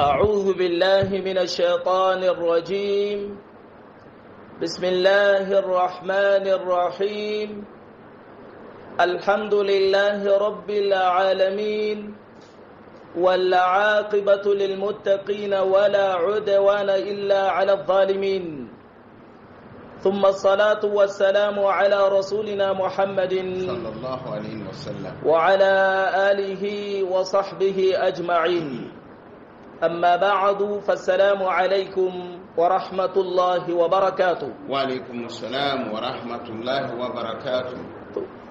أعوذ بالله من الشيطان الرجيم بسم الله الرحمن الرحيم الحمد لله رب العالمين والعاقبة للمتقين ولا عدوان إلا على الظالمين ثم الصلاة والسلام على رسولنا محمد صلى الله عليه وسلم وعلى آله وصحبه أجمعين أما بعد فالسلام عليكم ورحمة الله وبركاته وعليكم السلام ورحمة الله وبركاته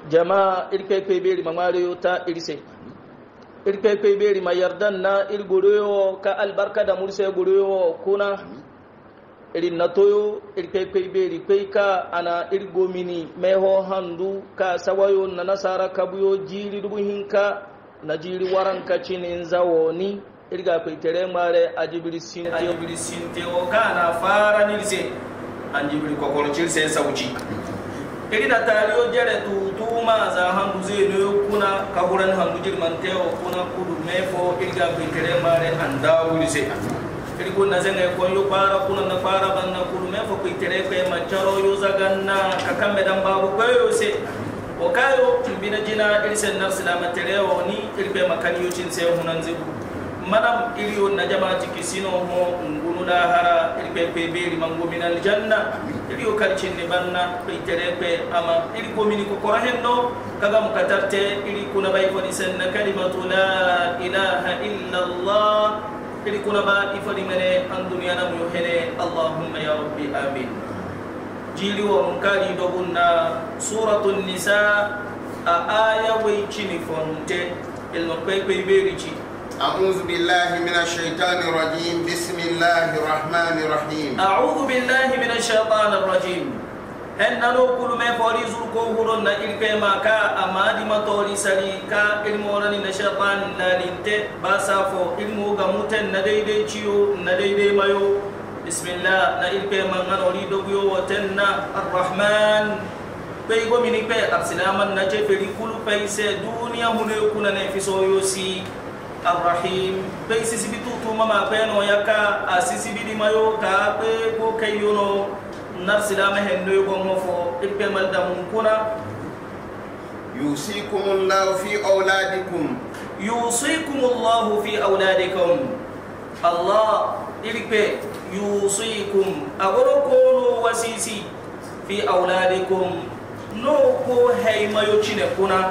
جماعة إلكي كي بيري مماليو تا إلسي إلكي كي بيري ما يردنا الغريو كالبركة دا مرسي غريو كنا iri natoyo iri كي kweka ana iri gomini ميهو هندو ka sawayo na nasara kabuyo jiri rubuhinka na jiri waranka cinin zawoni ilga ko iteremare ajibiri sinte ajibiri sinte o kana fara nilise anjibiri kwa kolo chilse sauci iri da taliyo jere tu tuma za hangu ze kuna ka huran hangu jirman manteo kuna kudu mefo ilga ko iteremare andawu nilse iri kuna zenga ko yu para kuna na para banna kudu mefo ko itere ko ma charo yo zaganna ka kambe dan se wakayo mbina jina irsen na matereo ni ilipe makani yu chinse hunan zebu manam iliyo najamati kisino mo ngunu na hara ilpe pe beri mangu minal janna iliyo kalcin ne banna pe ama ili ko mini ko korahen no kaga mu ili kuna bai ko kalimatu la ilaha illa allah ili kuna ba ifadi mene an na mu allahumma ya rabbi amin jili wa munkali dogunna suratul nisa a aya wey chini fonte ilmo pe pe أعوذ بالله من الشيطان الرجيم بسم الله الرحمن الرحيم أعوذ بالله من الشيطان الرجيم هن نلو كل ما فوريز الكوهر نجل كما كا أما دي ما توري سري كا المورن نشيطان نالنت باسافو المو غموت ندي دي تشيو ندي دي مايو بسم الله نجل كما نوري دوغيو وتنا الرحمن pey go mini pe arsilaman na je feri kulu pey se duniya hune kuna الرحيم بيسي سبتو توما ما بين ويكا أسيسي بدي ما يو كابي كو كيونو نفس لا مهنو يقوم فو إبقى ملدا منكونا يوصيكم الله في أولادكم يوصيكم الله في أولادكم الله إبقى يوصيكم أغرقون وسيسي في أولادكم نوكو هيما يوشينكونا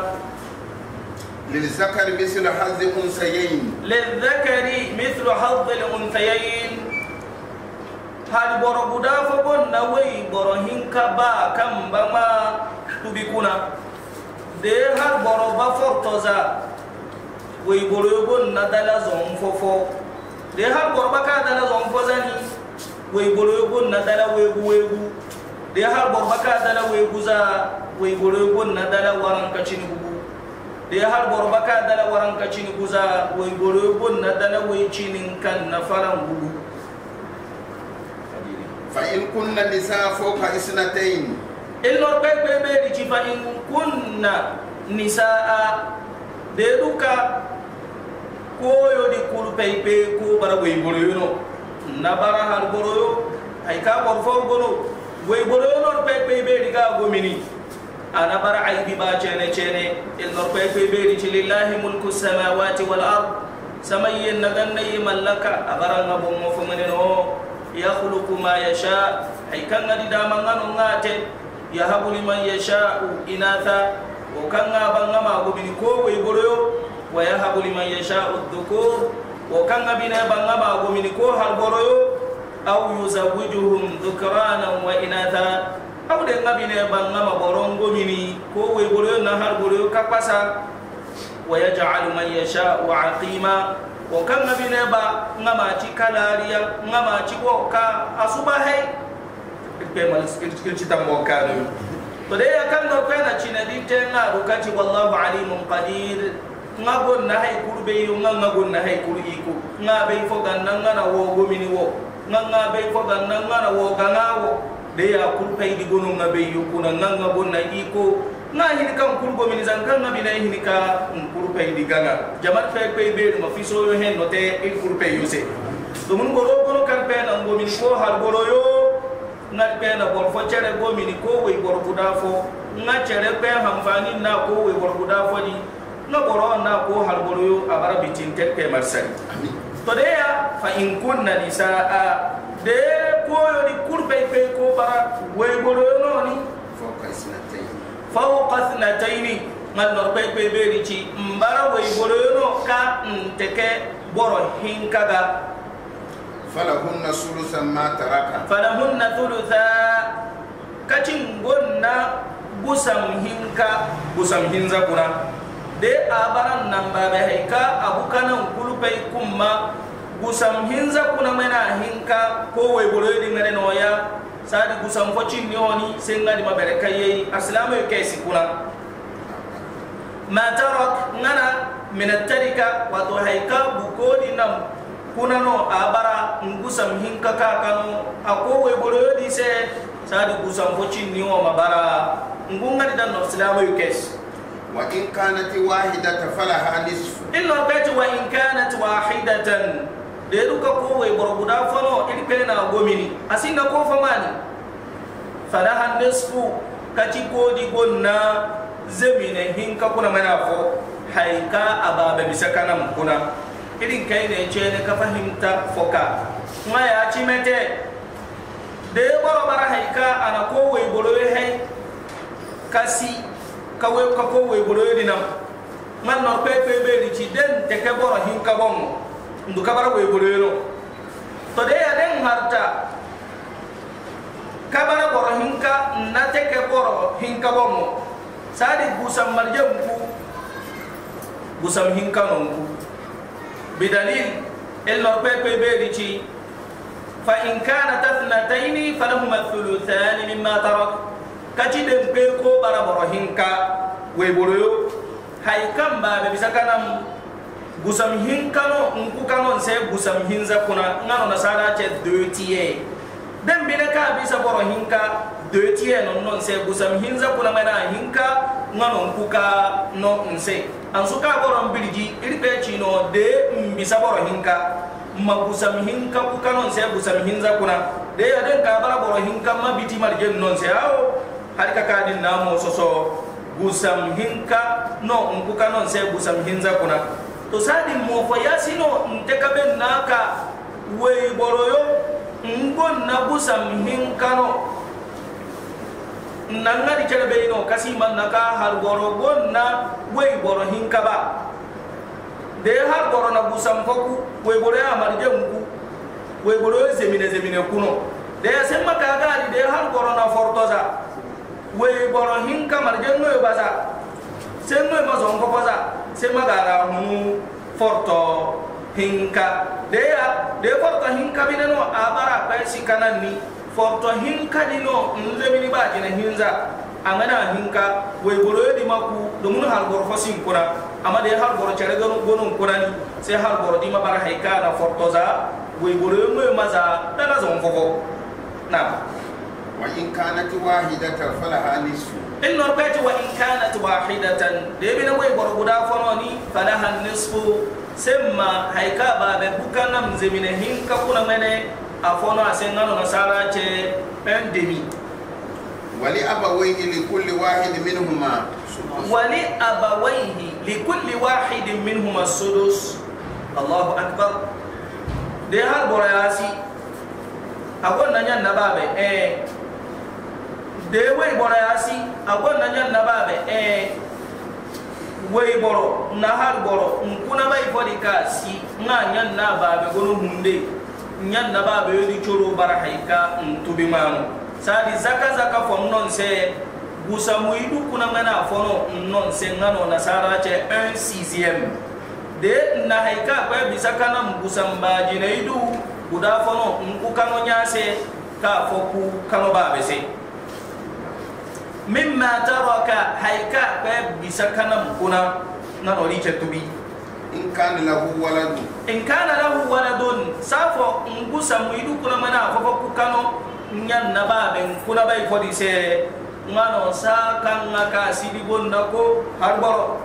للذكر مثل حظ الأنثيين للذكر مثل حظ الأنثيين hali boro guda fo gonna wey boro hinka ba kamba ma tubi kuna de har boro ba fortoza wey boro gonna dala zon fofo de har boro ba ka dala zon fo zani wey boro gonna dala wegu wegu de har boro ba ka dala wegu za wey boro gonna dala waranka chini gugu de har borba ka dala waran ka cini guza wai goro gon na dala wai cinin kan na faran gudu fa in kunna nisa fo fawqa isnatayn il nor kai be be di fa in kunna nisa a de ko yo di kulu pe pe ko bara wai goro yo na bara har goro yo ai ka borfo goro wai goro nor pe pe be di ka gomini أنا برعي بما جيني جيني المربي في بيرج لله ملك السماوات والأرض سمي النغني من لك أبرا نبو مفمنه يخلق ما يشاء أي كان دي دامان نغاتي يهب لمن يشاء إناثا وكان أبنى ما أبنى كو ويبريو ويهب لمن يشاء الذكور وكان أبنى أبنى ما أبنى كو هالبريو أو يزوجهم ذكرانا وإناثا aw de ngabine banga ma boron gomini ko we boro na har boro ka pasa wa yaj'al man yasha wa aqima wa kan ngabine ba ngama ti kalari ya ngama ti ko ka asuba hay be mal skil ti tam ka no to de kan do ka na china di te na ru ka ti wallahu alimun qadir ngago na hay kurbe yo ngago na hay kurgi ko ngabe fo ganna ngana wo gomini wo ngabe fo ganna ngana wo ganawo deya kulpa idi gonum na be yukuna nanga gonna iko na hini kan kurgo min zanganga bina hini ka kulpa idi ganga jamat fe pe be ma fiso yo hen note e kulpa yuse to mun goro goro kan pe na ngo min ko har goro yo na pe na bor fo chere go min ko we goro kudafo fo na chere pe hamfani na ko we goro kudafo ni na goro na ko har goro yo abara bitin tek pe marsari to deya fa in kunna nisaa de koyoni kurɓey ɓe ko ɓara woygoroyonooni fawqa snatayni ngal nor ɓey ɓe ɓeerici mbara woygoroyono ka nteke boro hinkaga falahunna sulusa ma taraka falahunna sulusa kacin gonna busam hinka busam hinza kuna de abaran nan baɓe hay ka agu kanan kulpey kumma gusam hinza kuna mena hinka ko way di ngare noya sadi gusam fo nyoni senga sengadi mabere kayeyi aslamu kesi kuna ma tarak ngana min atarika wato haika bukodi nam kuna no abara ngusam hinka kakano ako way boloydi se sadi gusam fo cinni o mabara ngungadi dan no aslamu kesi وإن كانت واحدة فلها نصف إلا كانت واحدة deeru ka kuway boro guda fono iri pena gomini asinna ko famani falaha nisfu kaci kodi gonna zemine hinka kuna mana fo haika ababa bisa kanam kuna irin kai ne ce ne ka fahimta foka kuma ya ci mete da ya baro bara haika ana kowai bolo ya kasi kawai ka kowai bolo ya dinam man na kwaikwai bai ci den ta kai boro hinka bon ndu kabara goy boleno to de ya den harta kabara goro hinka na teke goro hinka bomo sadi gusam marjam ku gusam hinka nonku bidalil ilma pepe berici fa in kanat athnataini falahuma thuluthani mimma tarak kati den pe ko bara boro hinka we boroyo hay kam ba be bisakanam gusam hin kano nku kano se gusam hinza kuna ngano nasara che deux tiers den bine ka bisa boro hin ka tiers non non nse gusam hinza kuna mena hinka ngano nku ka no nse ansuka boro mbiriji irpe chino de mbisa boro hinka ma gusam ka ku kano se gusam hinza kuna de ya den ka bara boro ka ma biti marjen non nse awo harika kadin namo soso gusam ka no nku non se gusam hinza kuna to sadi mo fayasino nteka ben naka wey boroyo ngon na busam hinkano nangari kelbe ino kasi man naka har boro gonna wey boro hinkaba de har boro na busam foku wey boro ya marje ngu wey boro zemine zemine kuno de semma kagari de har boro na fortoza wey boro hinka marje noyo baza sen noyo mazonko baza se magara hunu forto hinka deya de forto hinka bineno abara kai sikana ni forto hinka dino nze mini ba jina hinza angana hinka way boro yodi maku do mun har gor fosin kura ama de hal gor cere gono gono kura ni se hal gor di mabara haika na forto za way boro yomoy maza dala zon fofo na وإن كانت واحدة فلها نصف إن ربيت وإن كانت واحدة ديبنا وي برغدا فروني فلها النصف سما هيكا بابا بوكا نم زمينه هين كونا مني أفونو أسنغانو نصارى تشي اندمي ولأبويه لكل واحد منهما ولأبويه لكل واحد منهما السدس الله أكبر دي هاربورا أقول نجا نبابي إيه de wey boro yasi agon na nababe eh wey boro na boro nkuna bai fodi kasi, si na nyan nababe gono hunde nyan nababe yodi choro bara haika ntubi manu sadi zaka zaka fon non se gusa muidu kuna mana fono non se ngano nasara che 1 6 de na haika kwa bisaka na mgusa mbaji na idu guda fono nku kano nyase ka foku kano babe se mimma taraka hayka be bisakanam kuna na ori che tubi in kana lahu waladun in kana lahu waladun safo ngusa muidu kuna mana fofo kukano nyan nababe kuna bay fodi se ngano sa kanga ka sidi bonda ko harboro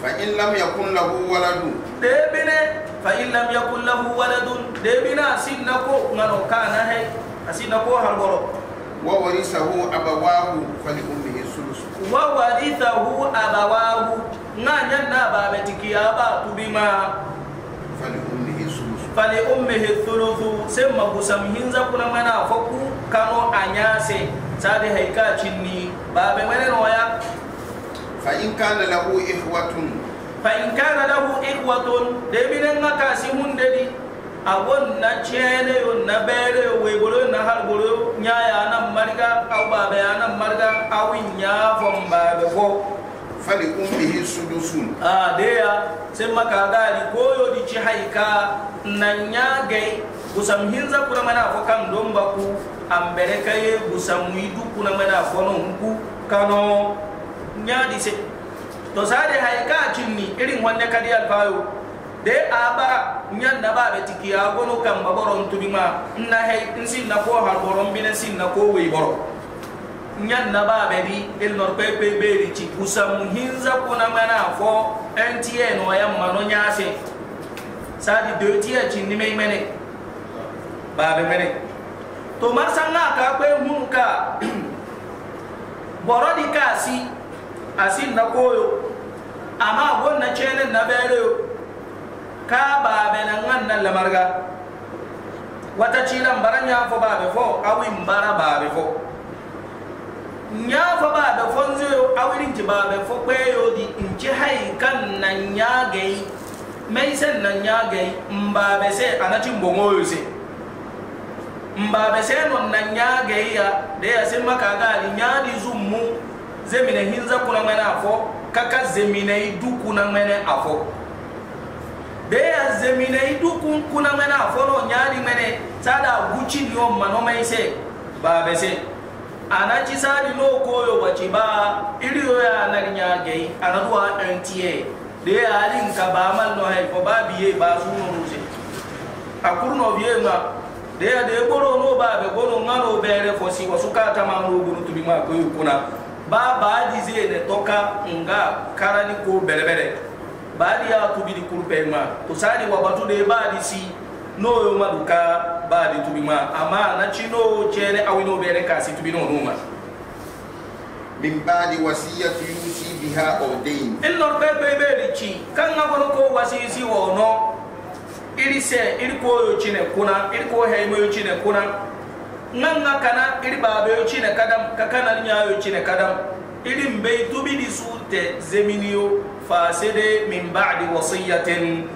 fa in lam yakun lahu waladun debine fa in lam yakun lahu waladun debina sinna ko ngano kana he asinna ko harboro wa wa ni sahu abawahu fali un bihi wa wa abawahu nka ɲɛ ni a ba tubima. fali un bihi fali un bihi surusu sai n ma ku samin kano a ɲɛsɛ. sadi haika cinni ba a bɛ wani ya. fahimkan lala hu ihi watun. fahimkan lala hu ihi watun dominan ka si mun agon na chene yo na bere yo wegoro na hargoro yo nyaya na marga au baba ya na marga au nya vom baba fo fali ummihi sudusun a ah, deya sai maka gari koyo di ci haika na nyage gusam hinza kuna mana fo kan domba ku ambere kaye gusam widu kuna mana fo non ku kano nyadi se to sare haika cinni irin wanne kadi alfayo de aba nya naba be tiki ago no kam baboro ntubi ma na hay nsin na ko har borom bi nsin na ko wi boro nya naba be di el nor pe pe be ri ci busa mu hinza ko na mana fo ntie no ya ma no nya se sa di de tie ci ni mai mene ba be mene to mar sanga ka pe mun ka boro di ka si asin na ko yo ama gonna chenen na bere yo ka baɓena ganna lamarga wata cilan bara ñafo baɓe fo awin bara baɓe fo ñafo baɓe fo nzeyo awininci baɓe fo ɓeyodi inci hay kan na ñagey mai sen na ñagey mbaɓe se anati mbogoyo se mbaɓe se non na ñageya de a sima kagaali ñaɗi zummu zemine hinza kunamene a fo kaka zemineyi du kunamene a fo be ya zemine kun kuna mena fono nyari mene sada guchi ni on mano mai se ba be se anachi sadi no koyo wachi ba iri yo ya na nya ge anaduwa ntie de ali nka ba mal no hay fo ba biye ba su no ruje akurno biye ma de ya de goro no ba be goro ngano bere fo si k'a ta ma no bolo tubi ma koyo kuna ba ba di ze ne toka nga karani ko bere baadi ya tubidi kurpenga kusali wabatude baadi si noyo maduka baadi tubima ama na chino chene awino bere kasi tubino numa min baadi wasiyatu yusi biha odain illor bebe beri chi kanga kono ko wasisi wono iri se iri koyo chine kuna iri ko heimoyo chine kuna nganga kana iri babeyo chine kadam kakana nyayo chine kadam irin bai tubi di su te zeminiyo fasede min ba'di wasiyatin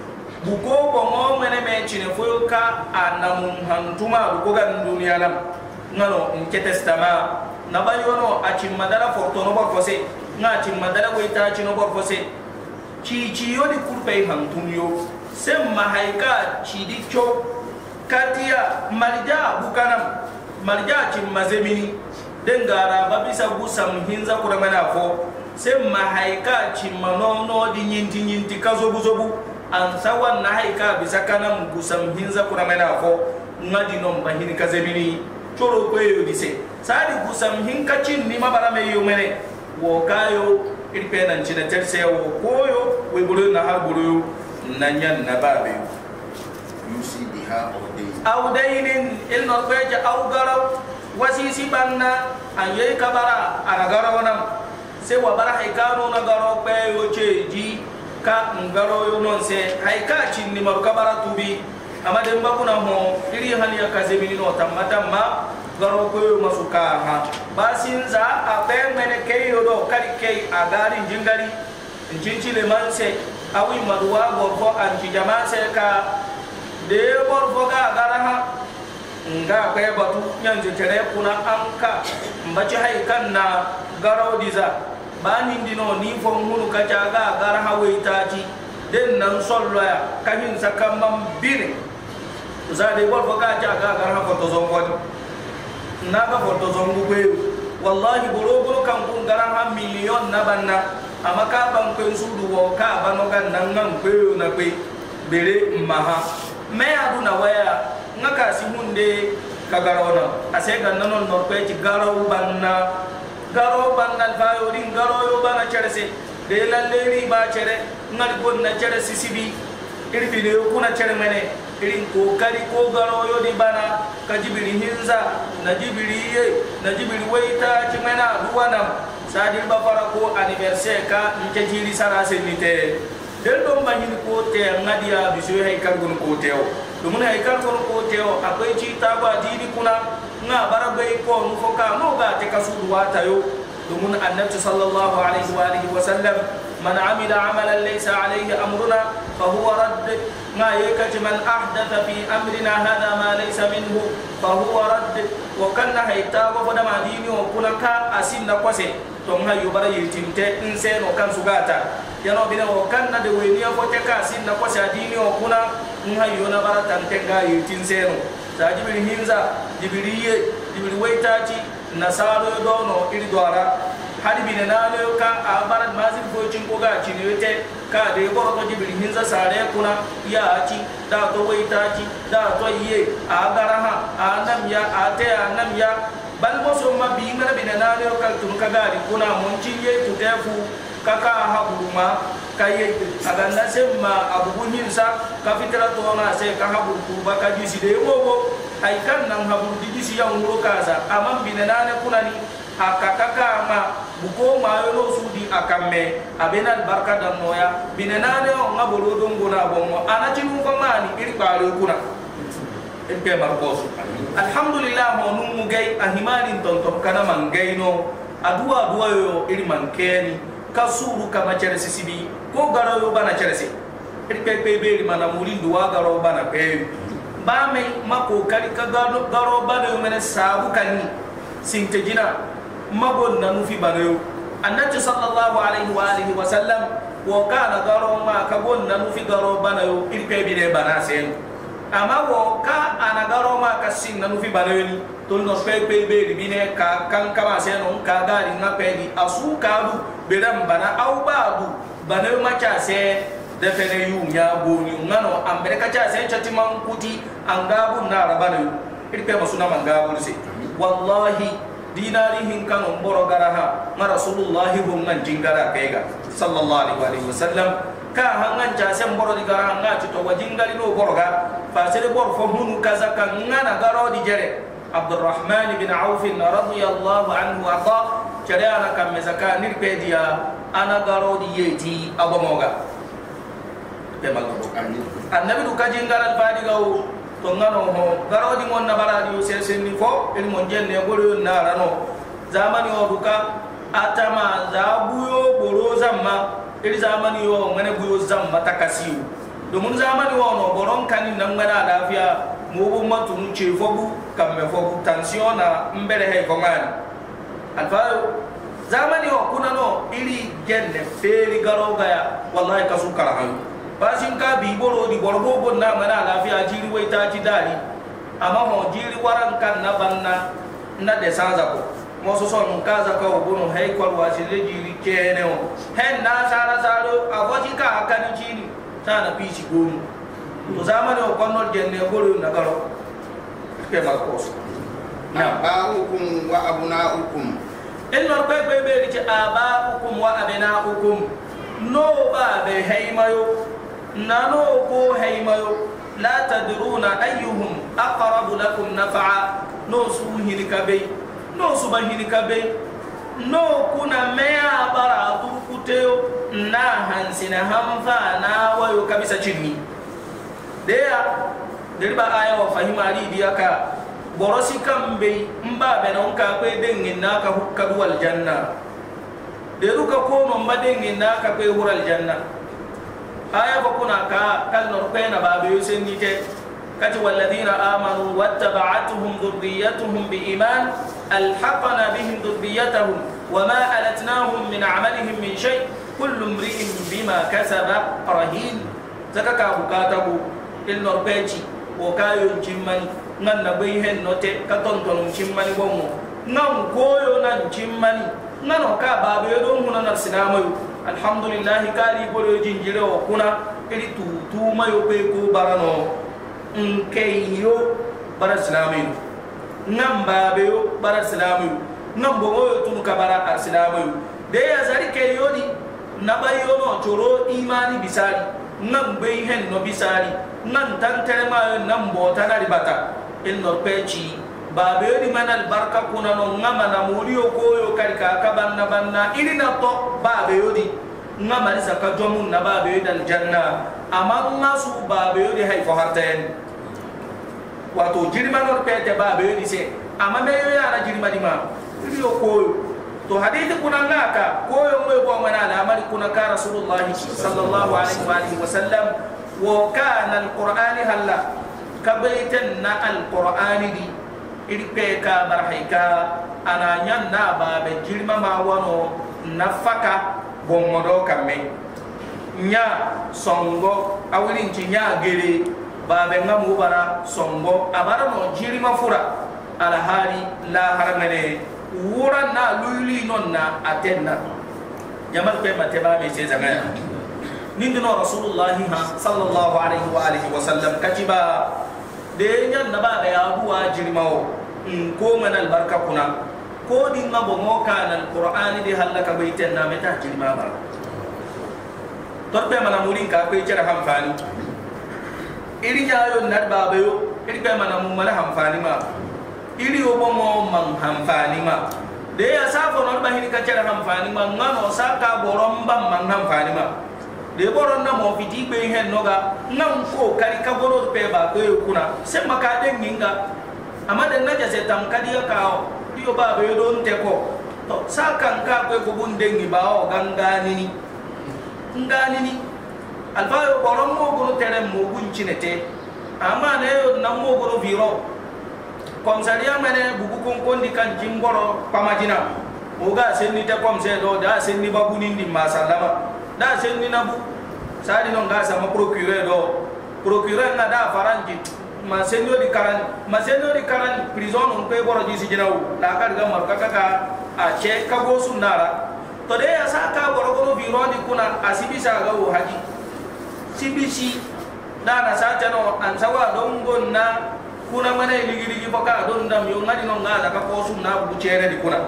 buko bongo mene me chine foyo ka anamun hantuma buko gan duniya lam ngano nke testama na bayono a madara fortono bor fose nga madara goita chino bor fose ci ci yodi kurpe hantunyo sem mahaika ci di cho katia marja bukanam marja cin mazemini dengara babisa gusa muhinza kuramana fo semma haika cimmano no di nyinti nyinti kazo buzobu ansawa na haika bisa kana mugusa muhinza kuramana fo ŋadino mbahini ka zebini coro kweyodi se sari gusa muhinka cinni mabarame yo mene wo ilipena nchina pe nancina terse wo koyo weburo na har buro na ñan na babeyo yusi biha awdainin kweja awgaraw wasisi banna anyei kabara agagarowanam se wabara haikanona garo kpeyo ceji ka ngaroyo non se haika cinnimaru kabara tubi ama den bakuna ho iri haniya kazeminino tamma ma garo kpeyo masu kaha basinza ape mene keyo do kari kei agari njingari njincile man se awi maduwa gorfo anci jama se ka de borfo ga agaraha nga kwe batu nyanzu tere kuna anka mbachi hai kanna garau diza bani dino ni fon hunu kaca ga gara hawe itaji den nan sollo ya kahin sakamman bire zade gol fo kaca ga gara hafo to zon kwani na ga fo to zon gugwe wallahi boro boro kan kun gara ha miliyon na banna amma ka ban kwen su duwo ka banogan na kwe bere maha me adu na waya nga ka si hunde ka garo na ase ga nono nor pe ti garo banna garo banna fa yo din garo yo bana chere se de la leri ba chere nga ko na chere si si bi iri bi ne ko na chere mene iri ko kari ko garo yo di bana ka jibiri hinza na jibiri ye na jibiri waita ti mena duwana sadir ba fara ko anniversaire ka nke jiri sara se nite del do manyin ko te ngadiya bisu hay kargon ko teo oh. dumuna hay gun ko o oh. akwai ci ta ba dini kuna nga barabai ko mu foka mo ga te kasu duwa tayo mun annabi sallallahu alaihi wa alihi wa sallam من عمل عملا ليس عليه أمرنا فهو رد ما يكت من أحدث في أمرنا هذا ما ليس منه فهو رد وكان هيتا وفنا ما ديني وكنا كا أسين نقوسي تون هاي يبرا يلتمت إنسان وكان سغاتا ينو بنا وكان دويني كا أسين نقوسي ديني وكنا نهاي ينبرا تنتقا يلتنسانو ta jibiri hinza jibiri ye jibiri waitaci nasaro dono hali bi na le ka a barat mazin ko cin ko ga cin yote ka de ko ko jibril hinza sare kuna ya ci da to wai ta ci da to ye a gara ha a nam ya a te a nam ya bal mo so ma bi ngara bi na le ka tun ka gari kuna mun cin ye tu defu kaka haɓuruma ma aganda semma abuguñinsa ka to na se ka ku ba ka si de wo ai kan nan bu di a man bi na bine kuna ni. a ka ka ka ma buko ma yolo sudi akamme abena barka da noya binenane o ngabolo dongo na bongo anachi nuko mani iri balo kuna ibbe margosu alhamdulillah mo numu gay ahimali tonto kana mangaino aduwa aduwa yo iri mankeni kasuru kama cheresi sibi ko garo yo bana cheresi iri pepe beri mana mulindu wa garo bana pe ba mai mako kali ka garo bana yo mena sabu kanni sintejina magon na nufi banayo annabi sallallahu alaihi wa alihi wa sallam wo kana garo ma ka gon na nufi garo banayo irpe bi ne bana sen amma wo ka ana garo ma ka sin na nufi banayo ni to no pe pe be bi ne ka kan ka ma sen on ka gari na pe ni asu ka bu beram bana au ba bu banayo ma ka se da fene yu nya goni ngano ambere ka ka sen chati man kuti angabu na rabanayo irpe masuna mangabu se wallahi dinari hinkan umboro garaha ma rasulullahi hungan jinggara kega sallallahu alaihi wasallam ka hangan jase mboro di gara hanga to wajingari no borga bor fo hunu kaza ngana garo di jere abdurrahman bin auf radiyallahu anhu ata jere ana kam mezaka nirpedia ana garo di yeti abomoga be magabo annabi du kajingara fadigawo to ngano ho garodi mon na baradi yo seseni fo el mon jenne goro yo narano zamani o duka atama zabuyo boro zamma el zamani yo ngane buyo zamma takasiu domin zamani wa no boron kanin nan ngana lafiya mu bu matu mu ce fogu kamme fogu tension na mbere he ko ngana alfa zamani wa kuna no iri genne feri garo gaya wallahi kasu karahan basin ka bi boro di borgo gonna mana lafiya jiri wai ta ji dali amma ho jiri waran kan na banna na de sanza ko mo so so nun ka za ka obuno hay kwal wa shi jiri kene o hen na sara saro a waji ka akani jiri ta na pichi gomu to zamani o konnol jenne boro na garo ke ma ko so na ba'ukum wa abna'ukum in nor be be be ci aba'ukum wa abna'ukum no ba be haymayo nano o ko haymayo la tadruna ayuhum aqrabu lakum nafaa no suu hini ka bey no suba hini ka bey no kuna meya ɓara turkuteyo na hansina hanfa na wayo kabisa cinni deya deriba aya wa fahimari diya ka borosi kam bey mba benonka kwe dengenna ka hukkaduwaljanna deruka ko no mba dengenna ka kwe huraljanna آية بكنا كا كل نرقينا باب يسنيك كت والذين آمنوا واتبعتهم ذريتهم بإيمان ألحقنا بهم ذريتهم وما ألتناهم من عملهم من شيء كل امرئ بما كسب رهين زكاكا بكاتبو النربيجي وكايو جماني nan na bai hen note ka ton ton cimmani bomo nan koyo nan cimmani nan ka babu yodon hunan sinamayo alhamdulillahi kari golo jinjire o kuna iri tutuma yo be ko barano nke yo bara islami ngam babe yo bara islami ngam bo yo tun ka bara islami de ya zari ke yo ni na bay yo no choro imani bisari ngam be hen no bisari nan tan tare ma nan bo tanari bata in no pechi babeoni manal barka kunano nga mana muriyo koyo kari ka kabanna banna irina to babeyodi nga marisa ka jomun na babeyodi aljanna ama nga su babeyodi hay fo hartayen wato pete babeyodi se ama meyo yara jirmanima iriyo koyo to hadithi kuna ngaka koyo moyo kwa mwana alamali kuna ka rasulullah sallallahu alaihi wa alihi wa kana alqur'ani halla kabaiten na alqur'ani di iri ka barahika, ka ana nya na baabe jirima ma wano na faka bɔngɔdɔ ka nya sɔngɔ awilin nci nya gere ba ŋa mu bara sɔngɔ a bara nɔ jirima fura alahari lahara ŋɛnɛ wura na luyuli nɔ na a na jamal kpɛ ma tɛ baabe se zaŋa ya rasulullahi ha sallallahu alaihi wa alihi wa sallam kaciba de nyan naba da ya duwa jirmawo in ko man albarka kuna ko din ma bo mo kana alqur'ani de halaka baiten na meta jirma ba torbe mana murin ka ko jira hamfani iri yayo nad baba yo iri be mana mun mala hamfani ma iri o mo man hamfani ma de ya sa fo no ba ka jira hamfani ma ngano sa ka boron man hamfani ma leboro na mo vidi gbe ihe noga na nko kari ka goro pe ba ko kuna se maka de nginga amade na jase tam kadi ya ka o dio ba be do nte ko to saka nka ko ko bunde ngi ba o ganga nini ngani ni alfa yo boro mo go tere mo gunchi nete ama ne yo na mo go viro komsaria mene bugu kon kon di kan jimboro pamajina oga sen ni te komse do da sen ni babu ndi masalama da sen ni nabu sari non ga sama procureur do procureur na da faranji ma sen di karan ma sen di karan prison on pe boro ji sijinawu da ka ga mar ka ka a che ka go sunara to de ya sa ka boro go bi ro di kuna asibi sa ga wo haji sibisi da na sa tano an sawa don gonna kuna mana ligi ligi baka don dam yo ngadi non ngala ka ko sunna bu chere di kuna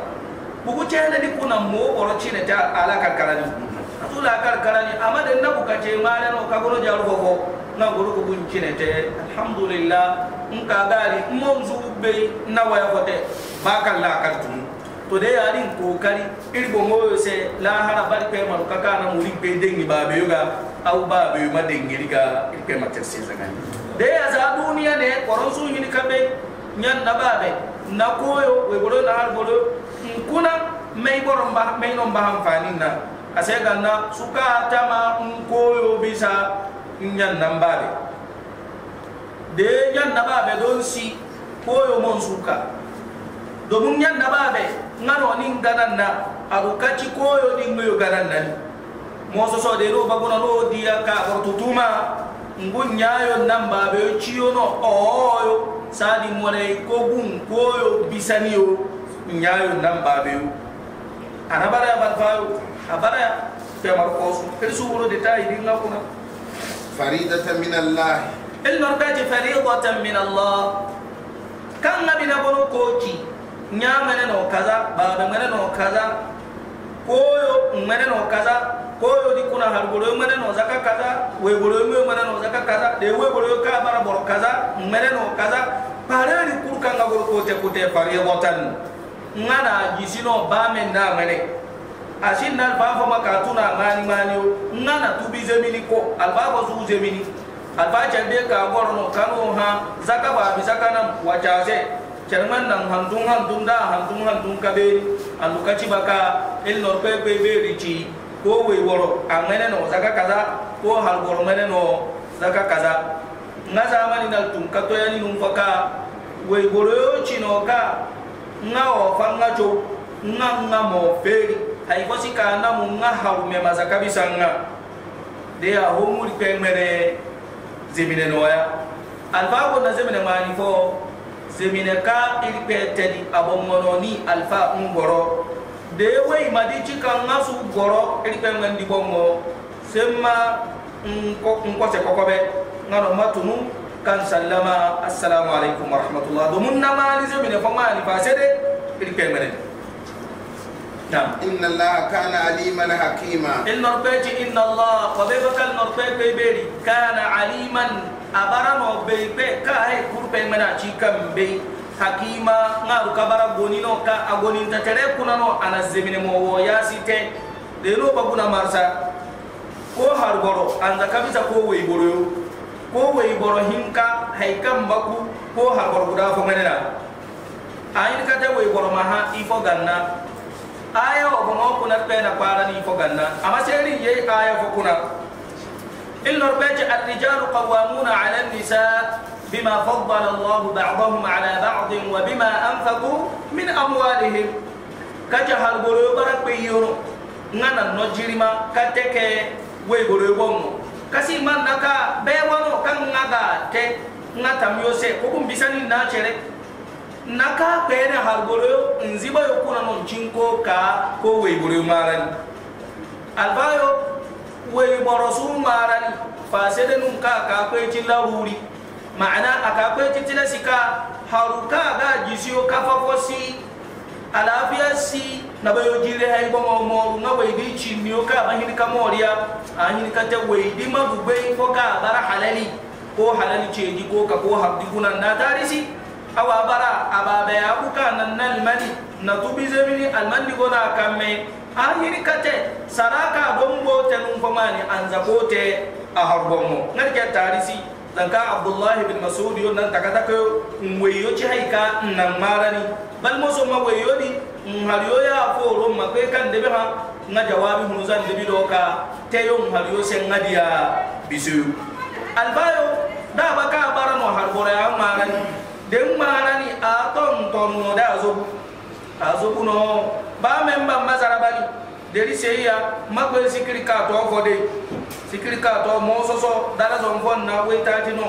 bu chere di kuna mo boro chine ta ala ka karani tula karkarani amade na ce malano kagoro jaru fofo na guru ko buncinete alhamdulillah nka gari mom zubbe na waya fote makalla kartum to de kari kokari irbo moyo se la hara bari pe maru ka na muri pe dengi babe yoga au be ma dengi riga pe ma tafsir zagani de ya duniya ne koron su yini kabe nyan na babe na koyo we bolo na har bolo kuna mai boron mai non amfani na ase ganna suka tama nkoyo bisa nyan nambare de nyan nababe don si koyo mon suka do domin nyan nababe ngano nin gananna aru kaci koyo din ngoyo gananna moso so de ro baguna no dia ka bortutuma ngunyayo nambabe ciyo no oyo sadi mone ko gun koyo bisaniyo nyayo nambabe anabara balfayo أبدا في مرقوس كرسو ولو دي تاي دي نقونا فريدة من الله المرقاج فريضة من الله كان نبينا بنو كوكي نعمنا نو كذا بابا منا نو كذا koyo mene no kaza koyo di kuna har goro mene no zaka kaza we goro me mene no zaka kaza de we goro ka bara boro kaza mene no kaza parari kurkan ga goro kote kote fari watan ngana gisino ba men na mene ashin na alfafo makatuna mani mani ngana tubi zemini ko alfafo su zemini alba cende ka gorno kanu ha zaka ba mi zaka na wajase cerman na handung handung da handung handung kabe an lokaci baka il norpe pe be rici ko we woro amene no zaka kaza ko hal goro mene no zaka kaza nga zamani nal tun kato yani num faka we woro yo chino ka nga o fanga cho nga nga mo feri si kana munga me mazaka bisanga de ahumul pemere zemine noya alfa ko na zemine mani fo zemine ka il petedi mononi alfa ngoro de wey madi chika ngasu goro il di bongo semma nko nko se kokobe ngano matunu kan sallama assalamu alaikum warahmatullah domun na mani zemine fo mani fa sede il pemere inna allah kana alii mani hakiima. eluuna wajji inna allah wa baiwa kana n'orikpe pebeeli. kana alii mani. abara n'oripee kaa eegurubeemene acika mbee hakiima nkaadu kabara gonina ka a gonintattare kunnano a na zeminema woo yaasite. Leeru, obbakku, namaarisa. Koo haara koro Anzakabisa koo weeyi koro yo. Koo weeyi koro hiimkaa ha i ka mba ku koo haara koro guddaa kooka dheeraa. Aayi ni kata weeyi wayboro ma haa i ganna. aya wa gumo kuna pena parani fo ganna ama seri ye aya fo kuna illa rabbaja ar-rijalu qawwamuna 'ala an-nisaa bima faddala Allahu ba'dahum 'ala ba'din wa bima anfaqu min amwalihim kaja hal goro barak be yoro ngana no jirima kateke we goro bonno kasi man naka be wono kan ngaga te ngata myose ko kum bisani na chere naka kpene hargoroyo nziba yo kunano jinko ka ko weyboroyo marani albayo weyborosu maran. fasede num ka ka kwecilla ruri mana aka kwecitila sika haru ga jisiyo kafafo si alafiya si nabayo jire hay bomo moru na weydi cinniyo ka bahini ka moriya ahini ka te weydi mabugbe fo ka bara halali ko halali ceji ko ka ko habdi kunan na tarisi أو أبرا أبا بيابو كان النلمن نتوبي زمني المن لغنا كمي آهيري كتة سراكا بمبو تنفماني أنزبوتي أهربمو نرجع تاريسي لنكا عبد الله بن مسعود يو نان تكا تكا ويو تشيكا نان مارني بل موسو ما ويو دي هاريو يا فورو ما كوي كان دبي نا جوابي هنوزان دبي دوكا تيو هاريو سن ناديا بيسو البايو دا بكا بارنو هاربورا مارني den manani a ton tonu da azobu azobu no ba men ba mazara bani deri seiya magwe sikiri ka to fo de sikiri ka to mo so dala zo ngon na we ta no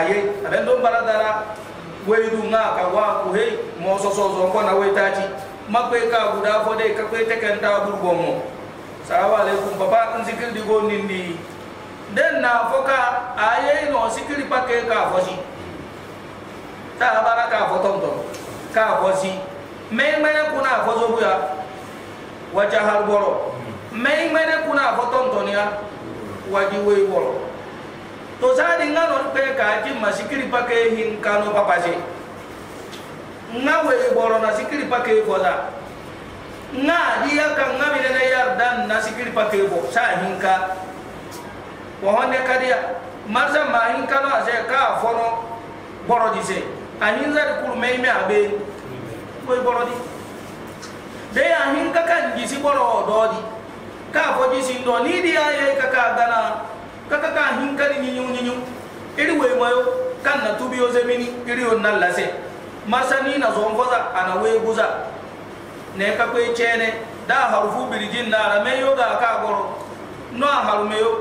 aye aben don bara dara we du nga ka wa ku he mo so so zo na we ta ti magwe ka guda fo de ka kwe te kan ta bur mo salamu alaikum papa in sikiri di go nindi den na foka aye no sikiri pa ke ka fo ta bara ka fo tonto ka fo si mai mai kuna fo zo buya waja har boro mai mai kuna fo tonto ne waji wei boro to sa di ngano pe ka ji masikiri pake hin kano papase nga wei boro na sikiri pake fo da nga dia ka nga bile na dan na sikiri pake bo sa hinka ko honde dia. marza ma hinka no ase ka fono boro dise anin zari kuru mai me abe koy boro di de ya hin ka kan jisi boro do di ka fo jisi do ni di ya ye dana. ka gana ka ka ka hin ka ni nyu nyu iri we mayo kan na tubi yo zemini iri on na lase masani na zongoza ana we guza ne ka koy chene da harufu birjin na ra me yo ga ka goro no haru me yo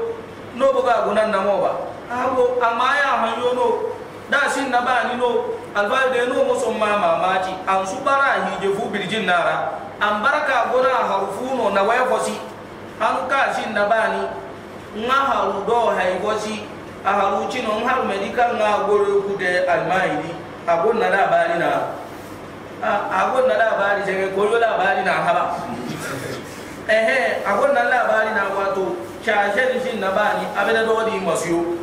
no boga gunan na mo ba ago amaya han yo no da sin na ba ni no alfayo de no muso ma mamaji an su bara hije fu birjin nara an baraka gona harufuno na waya fosi an ka shin na bani nga haru do hay fosi a haru chino har medical nga gore kude almaidi agon na labari na agon na baari je ko yo labari na haba ehe agon na labari na wato shashen shin na bani abena do di masiyo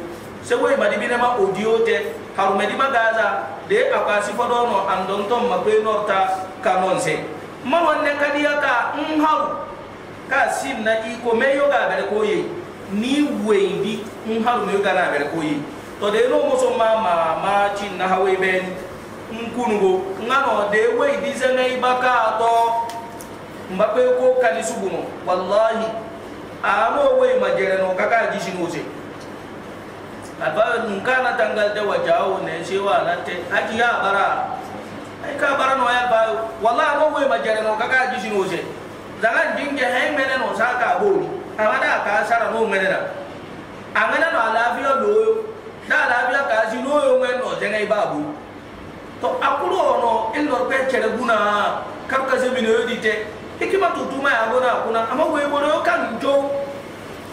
sewoy madibinema odiyote harumedima gaza de akwasi fodono andonton makwe norta kanonse ma wanne kadiyaka n haru ka sin na iko me yoga bere koye ni wendi n mm, haru me yoga na bere koye to de no moso ma ma ma chin na hawe ben nkunugo mm, ngano de wendi zenga ibaka to mbakwe ko kalisubuno wallahi amo we majere no kaka gishinose alfa nkana tangal de wajawo ne cewa nanti aji ya bara ai ka bara no ya bayo wallahi no we majare no kaka aji shin oje zaga jinge hay mene no saka boni amada ka sara no mene da amana no alafiyo loyo da alafiyo ka shi no yo mene no jenga ibabu to akuru ono ilor pe chere guna kapka se mino yodite hikima tutuma ya gona kuna ama we bono kan jo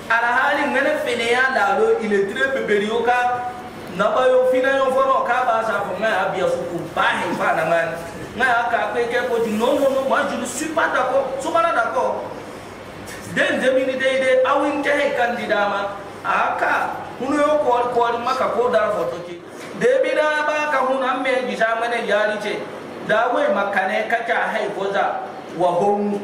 alahali ŋmene fene ya laalo ile tire beberi o ka naba yo fina yo fɔrɔ k'a b'a sa fɔ ŋa y'a biya fo ko ba he fa na ŋa ŋa y'a k'a kpe kɛ ko ju non non non moi je ne suis pas d'accord sumana d'accord den zemini deide awin kɛ he kandidama a ka hunu yo kɔɔri kɔɔri ma ka ko dara fɔ toki debi da ba ka hunu an mɛ gisa ŋmene yaali ce dawe makane kaca hay foza wa homu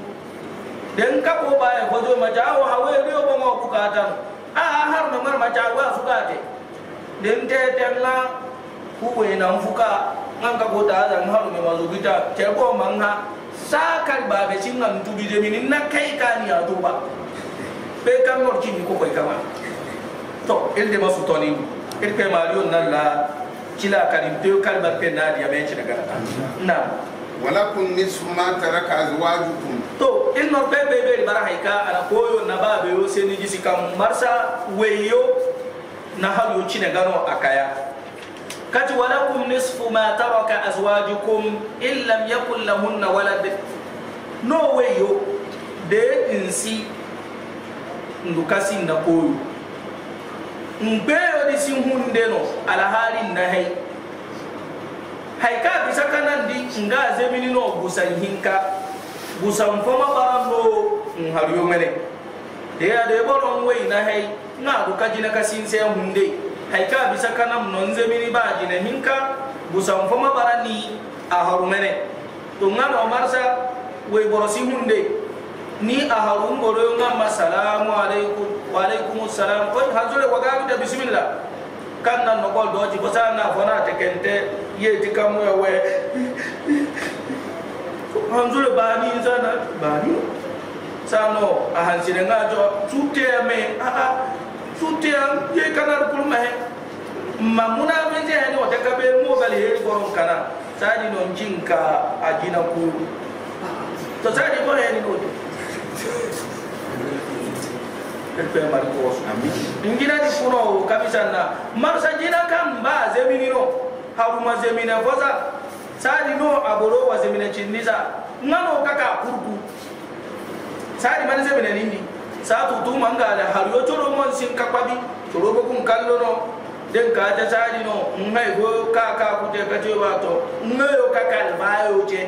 den kabo baya gojo majawo hawe riyo ba ku bukatan a ah, har no mar majawo te den te k'u we na mfuka nganga ko ta da ngharu me mazugita te ko manga sakal ngam tu bi de min na kai ka a do ba be kan mor ni ko kai kama to el de masu toni el pe mariyo na la kila din te kal ba pe na dia me na ga na walakum nisfu ma taraka azwajukum to in nor be be be bara haika ana koyo na ba be yo sai ni gisi kan marsa weyo na halu cine gano akaya kati walakum nisfu ma taraka azwajukum in lam yakul lahunna walad no weyo de insi ndukasi na koyo mbeyo di sin hunde no alahari na hai haika bisa kanan di nga zemini no gusan busan foma barando n hariyo mene de ya de boron wei na hei na duka jina ka sinse hunde hai ka bisa kanam non zemini ba jina hinka busan foma barani a haru mene to ngana omarsa wei borosi hunde ni a haru ngoro nga masalamu alaikum wa alaikum assalam ko hazure wagabi da bismillah kan nan no gol doji ko sana fona tekente yeti kamu we hanzule bani zana bani sano ahansire nga jo tute ame aha tute am ye kanar kul mahe mamuna be je hani o daga mo bali he ko kana sadi no jinka ajina ku to sadi ko he ni no pepe mari ko so ingina di kuno kabisa na marsa jina kan ba zemini no haruma zemina foza sari no aboro wa zemine chinniza ngano kaka kurgu sari man zemine nindi sa tu tu manga la har yo toro mon sin kakwabi toro ko kun kallo no den ka ta sari no ngai go ka ka ku te ka te wa to ngayo kaka ba yo je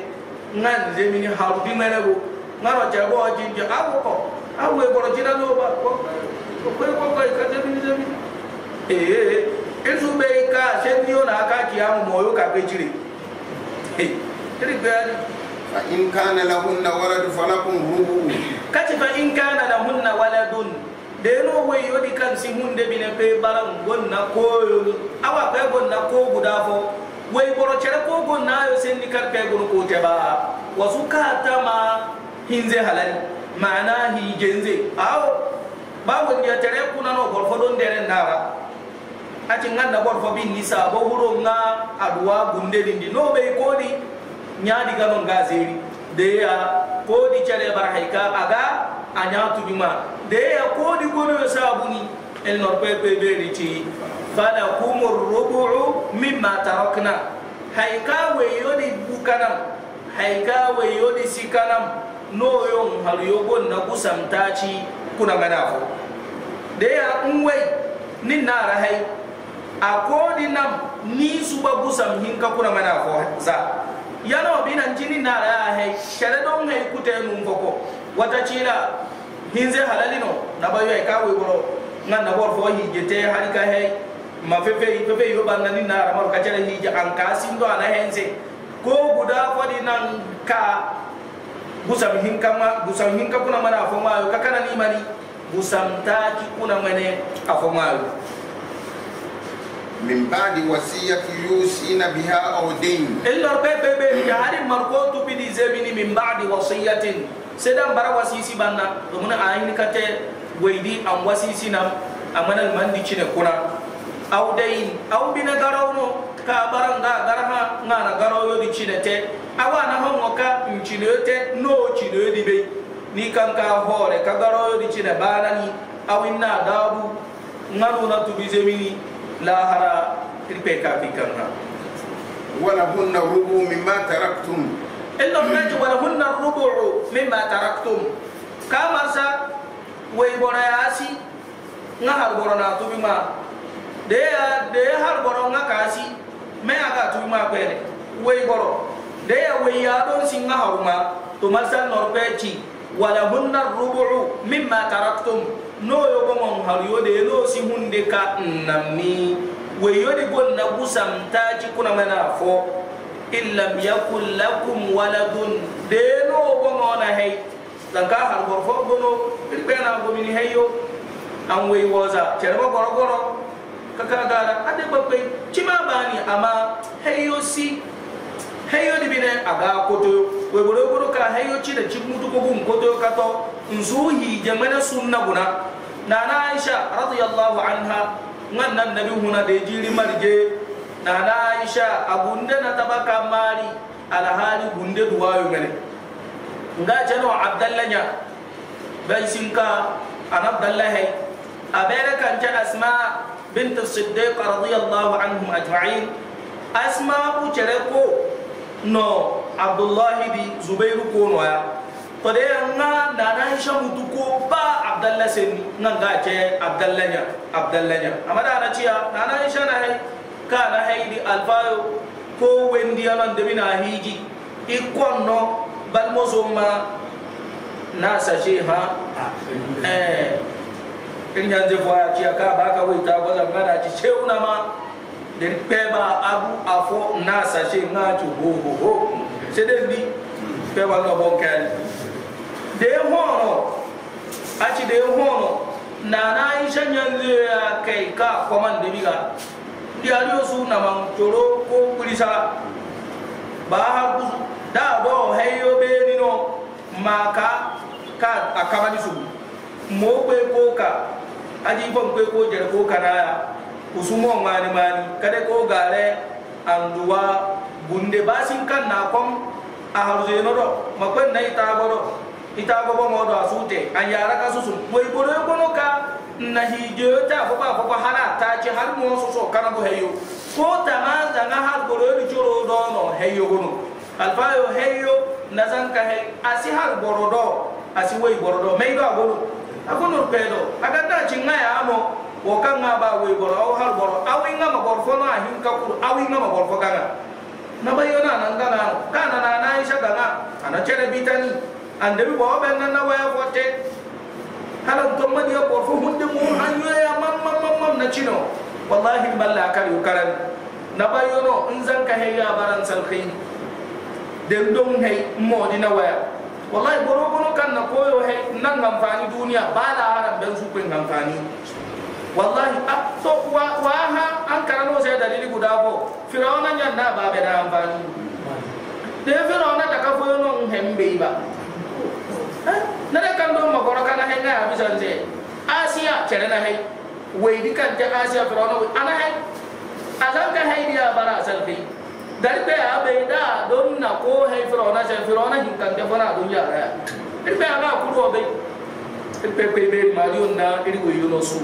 ngan zemine har di mena go ngaro je go ji je awu ko awu e boro jina no ba ko ko ko ka zemine zemine eh eh ezu be ka se ni ona ka ki amu moyo ka pe jire tribal fa in kana lahunna waladu falakum rubuu kati fa in kana lahunna waladun deno woy yodi kan si hunde mine ɓe baran gonna koyol awa ɓe gonna ko guda fo woy boro cere ko gonnayo sendi kar ɓe gon ko teɓa wasu katama hinze halani mana hijenze aw ba gondiya tere kunano gorfo ɗon deren dara ati nganda bor fo bin nisa bo huro nga aduwa gunde dindi no be kodi nyaadi ganon gazeri de ya kodi chale barhaika aga anya tubima de ya kodi gono sabuni el norbe be be ni ci fala kumur rubu'u mimma tarakna haika we yodi bukanam haika we yodi sikanam no yon halu yogon na kusamtaci kuna ganafo de ya unwai nin nara hai akoni na ni suba gusam hinka kuna mana ko za yano bina jini na ra he shere don he kute mun koko wata chira hinze halalino na bayo e kawo boro ngan na bor fo jete halika he ma fefe fefe yo banna ni na ra mar ka chare hi ja an kasin do ala henze ko guda fodi nan ka gusam hinka ma gusam hinka kuna mana fo ma yo kakana ni mani gusam ta ki kuna mane afo ma yo min ba'di wasiyati yusina biha aw dayn illa bebe be jari marko tu bi dizemini min ba'di wasiyatin sedan bara wasisi banna mun ayin kate waydi am wasisi nam amana mandi cine kuna aw dayn aw bina garawno ka bara nga garama nga na di cine te awa na hongo ka cine te no cine di be ni kan ka hore ka garawo di cine bana ni awinna dabu ngadu na tu bizemini Lahara kiripeekapi garaha. Walahu na wulhu mima taratum. E ture mɛji walahu na bulubolu min ma taratum kamarisa weyibɔra yaasi ngaa harikooronaatumima dee ya dee harikooron ngaa kaasi mɛn a kaatumimaatumimaa pɛɛrɛn weyikɔrɔ dee ya weeyi yaatonsi ngaa hama kamarisa nɔrpɛji walahu na bulubolu min ma taratum. no yogogon har yode no si hunde ka nnamni weyode gonna gusamtaji kuna mana fo in lam yakun lakum waladun de no gogona hay zanka har gor fo gono irɓena gomini heyyo an wey wosa cerema goro goro kaka gara ade babbay cima bani ama heyyo si heyyo dibine aga kotoyo wey goro goro ka heyyo cida cimmutugo gum kotoyo kato نزوه جمنا سنة بنا نانا عائشة رضي الله عنها نانا النبي هنا ديجيري مرجي نانا عائشة أبوند نتبقى مالي على هالي بوند دوايو مني نغا جنو عبد الله نيا بيسنكا أنا عبد الله هي أبيرك أنت أسماء بنت الصديق رضي الله عنهم أجمعين أسماء بو نو عبد الله بي زبير كونوا tode nga nana isha mutuko ba abdallah sen nga ga ke abdallah nya abdallah nya amada ana ciya nana isha na hay ka na hay di alfayo ko wendi alan de bina hiji ikonno balmozo ma na saje ha eh in yanzu fa ciya ka ba ka wuta gwazan mana ci ceuna ma den peba abu afo na saje nga ci ho ho ho sedem peba no bon de hono aci de hono nana aisha ñanleya kay ka komande biga yariyo su naman coro ko kulisa ba har kusu da bo heyo benino maka ka a kamani su mo kwe ko ka aji ban kwe ko jar ko kanaya usumo mani mani kade ko gare anduwa gunde basin kan na kom a harzeno do nna na ita boro ita gobo ngodo asute ayara kasusu boy bodo gono ka na hijeyo ta fofa fofa hana ta ci har mo so so kana bo heyo ko ta ma da na har bodo ni choro do no heyo gono alfayo heyo na zan ka he asi har borodo asi way borodo mai do gono akono pedo aga ta ci ngaya amo wo kan nga ba way boro aw har boro awi nga ma boro fo na ka kur awi nga ma boro fo kana na bayo na nan kana kana na na isha kana ana chere bitani ande bi bo be nana waya fote hala to mani ko fu hunde mu anyo ya mam mam mam mam na chino wallahi balla ka yu karan na bayono in zan ka heya baran salkhi den don hay mo ni na waya wallahi boro kono kan na koyo he nan amfani duniya ba haram ben su ko amfani wallahi a ah, so wa wa ha an karano sai dalili guda ko oh, firawna nyan na ba be da amfani de firawna ta ka foyo no hembe ba nana kan do magoro kana he nga abisan je asiya chere na he weidi kan te asiya firawna ana he azan ka he dia bara asal fi dari be abe da don na ko he firawna je firawna hin kan te fona dunya ra ir be aga kuro be ir be be be mali na ir we yo no su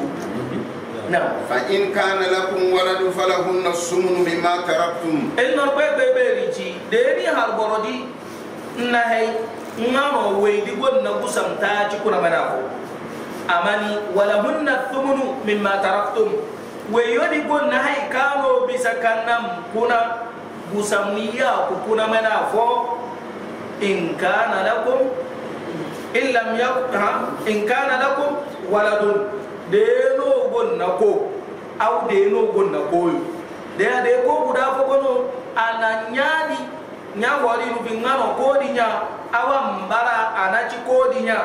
na fa in kana lakum waladu falahunna sumunu mimma taraktum en no be be be riji de ni har borodi na he ngamo woydi gon na kusam taaci kuna mana ko amani wala hunna thumunu mimma taraktum weyodi gon na hay kano bisa kannam kuna gusam niya ko kuna mana fo in kana lakum in lam yakha in kana lakum waladun deno gon na ko aw deno gon na ko yo de ade ko buda fo gono ala nyani nya wari nu bingano kodi nya awa mbara anachi kodi nya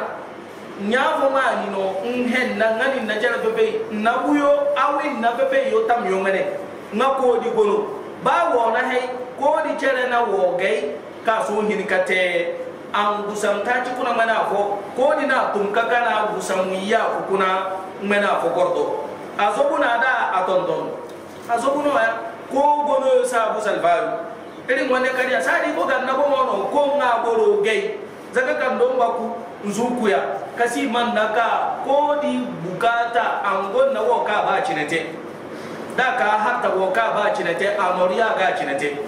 nya vuma nino nhen na ngani na jara bebe na buyo awi na bebe yo tam yo mene nga kodi gono ba wo na hay kodi chere na wo gai ka so hin kate an gusam ta ci kuna mana fo kodi na tum kaka na gusam ya ko kuna mana fo azo azobuna da azo azobuna ko gono sa busal bayu irin wande kariya sari ko ganna ko mono ko nga boro gei zaka kan don baku nzukuya kasi man naka ko di bukata angon na woka ba cinete da ka hatta woka ba cinete amoriya ga cinete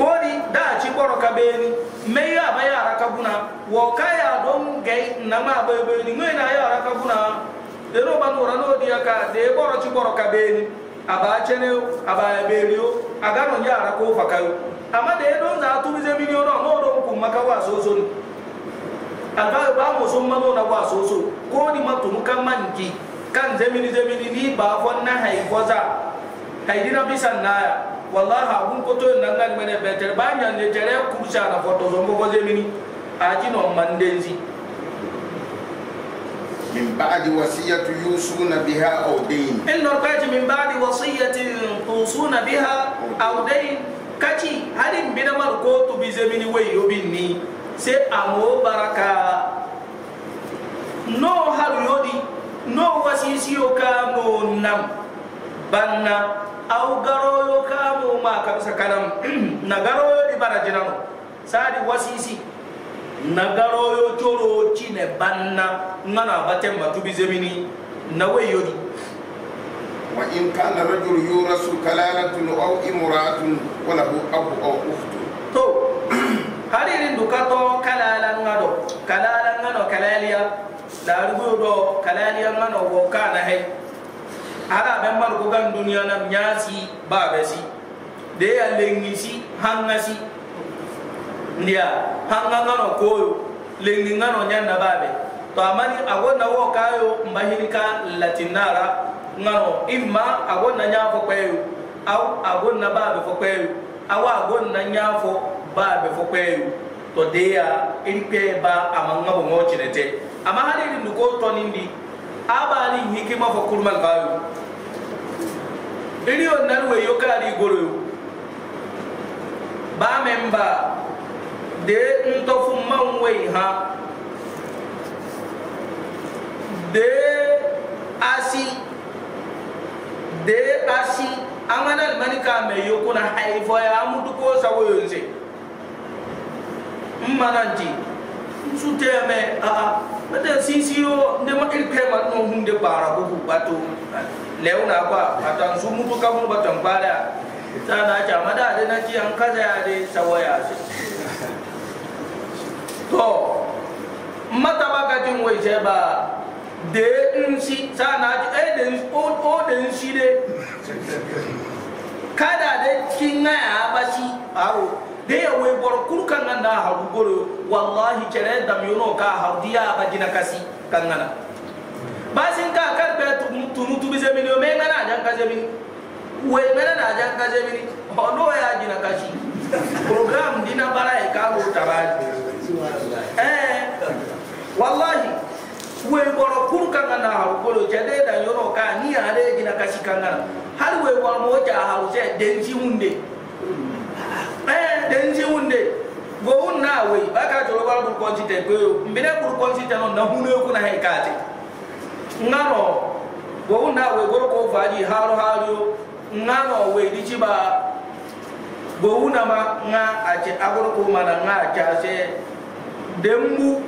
ko di da ci boro ka beni me ya ba yara ka guna woka ya don gei na ma ba beni me na yara ka guna de no ban wora no di aka de boro ci boro ka beni aba cene aba beni o aga no yara ko fakayo amma da ya don za tu ze video no no don kun maka wa so so alba ba mu sun mano na wa so ko ni matu mukan manki kan zemini zemini ni ba fon na hay goza hay bisan na wallahi abun ko to nan nan mene better ba nya ne jere kursa na foto zo mbo zemini aji no mandenzi min ba'di wasiyati yusuna biha aw dayn in norkaji min ba'di wasiyatin tusuna biha aw dayn kati hari binamar ko to bizemini wey yobin ni se amo baraka no haru yodi no wasisiyo kamo nam banna aw garoyo kamo ma kamsa kanam na garoyodi bara jinano sadi wasisi na garoyo coro cine banna ngana batemma tubizemini na wey yodi وإن كان الرجل يورث كلالة أو امرأة وله أب أو أخت تو هاري رندوكاتو كلالا نغادو كلالا نغادو كلاليا لارغو دو كلاليا نغادو وكانا هي ala ben mar ko gan duniya nam nyasi babesi de ya lengisi hangasi ndia hanga ngano koyo lengi ngano nyanda babe to amani agona wo kayo mbahirika latinara ngano imma agon na nyafo kweyo aw agon na babe fo kweyo aw agon na nyafo babe fo kweyo to deya iri kwe ba ama ngabo ngo chinete ama hali n'i nuko to nindi aba ni hikima fo kurmal bayo iri on narwe yo kala ri goro yo ba memba de ntofu manwe ha de asi de asi angana mani ka me yokuna haifo ya mudu ko sawo yonse mmana nti nsuteme aa mete sisiyo nde ma irkema no hunde bara ko ku bato lewna kwa atan su mudu ka mu batan bara ta na ta mada de na ji an kaza ya de sawo ya se to mata ba ka jin wai ba dee nsi saa e de o o de nsi de kada de kinga ya basi aro de ya we bor kur kanga da ha goro wallahi chere dam yono ka ha dia ba jina kasi kanga na basin ka kar be tu tu tu bize milio me ngana jan ka zebi we ngana na jan ka zebi ono ya jina kasi program dina bara e ka ro tabaji eh wallahi weeboro kur kanga na haru kolo jade da yoro ka ni ale gina kashi kanga har weeboro mo ja haru je denji hunde eh denji hunde go na we baka joro bal bur konji te go mbine bur konji te non na hunu ko na hekate ngano go na we goro ko faji haru haru ngano we diji ba go hunna ma nga aje agor ko mana nga aje dembu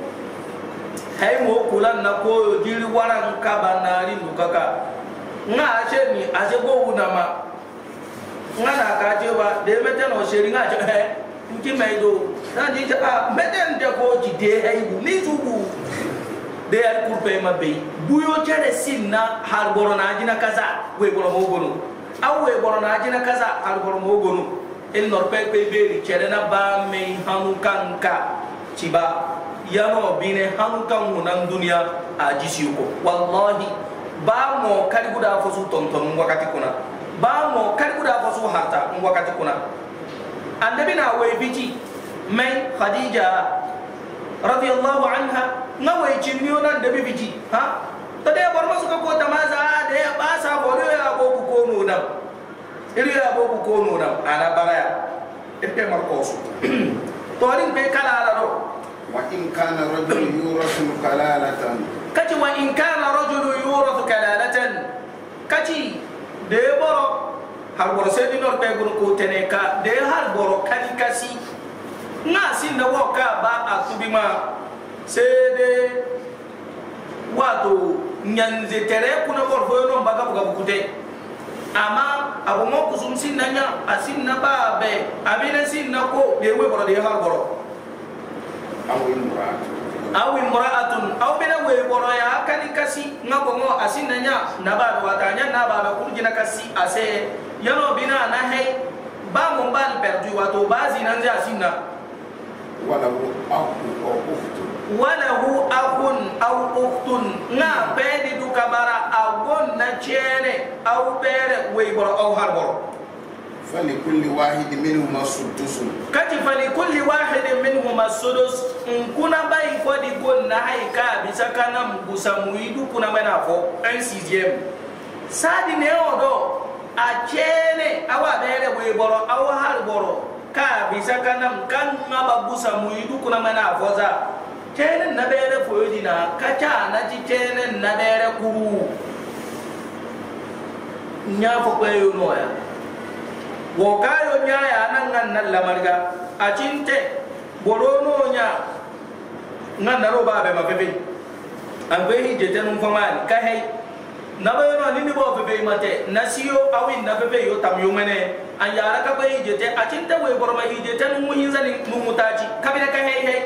hay mo kula na ko jiri waran ka banari nukaka nga ashe ni ashe go ma nga na ka je ba de mete no sheri nga je he eh, nti mai do na ji ta ah, mete nde ko ji de hay bu ni ju bu de al kurpe ma be bu yo chere sin na har goro na ajina kaza we goro mo goro aw we goro na ajina kaza har goro mo goro il norpe pe be ni chere na ba me hanu kanka ciba yano bine hankan hunan duniya a jisi ko wallahi ba mo kari guda fasu tonton wakati kuna ba mo kari guda fasu harta wakati kuna annabi na wai biji mai khadija radiyallahu anha na wai cinniyo nan da biji ha ta dai bar masu ka ko ta maza da ya ba sa bore ya ko ku ko nuna iri ya ko ku ko nuna ana baraya ipe markosu to rin pe kala ala do wa in kana rajul yurasu kalalatan kaci wa in kana rajul yurasu kalalatan kaci da ya boro har boro sai ko tene ka da ya har boro kali kasi na sin da waka ba a tubi ma sai dai wato nyanze tere kuna borfo non baga buga a ama abu mo sin na na sin na ko we aw imra'atun aw imra'atun aw bena we boroya kani kasi ngabo ngo asinanya nabado watanya nababa kurjina kasi ase yano bina na hay ba mo bal perdu wato bazi nan ja asinna wala hu akhu aw ukhtun wala hu akhun aw ukhtun na be di dukabara agon na chene aw bere we boro aw harboro falikulli wahidi minhuma sudusu kati falikulli wahidi minhuma sudus nkuna bayi fodi ko nahayi ka bisa kana mbusa muidu kuna bana fo un sixième sadi ne odo a cene awa bere we boro awa har boro ka bisa kana kan ngaba busa muidu kuna bana fo za cene na bere fo yodina kacha na ci cene na bere kuru nya fo kwayo noya wo kayo ñaya nan ŋan na lamariga acinte borono ña ŋan naro babe ma fefey anpe hijetenum famani kahey nabayono nini bo fefey mate nasiyo awin na fefey yo tam yumene an yara kabe hijete acinte woy boroma hijetenu muhinsani mumutaci kabine kahey hey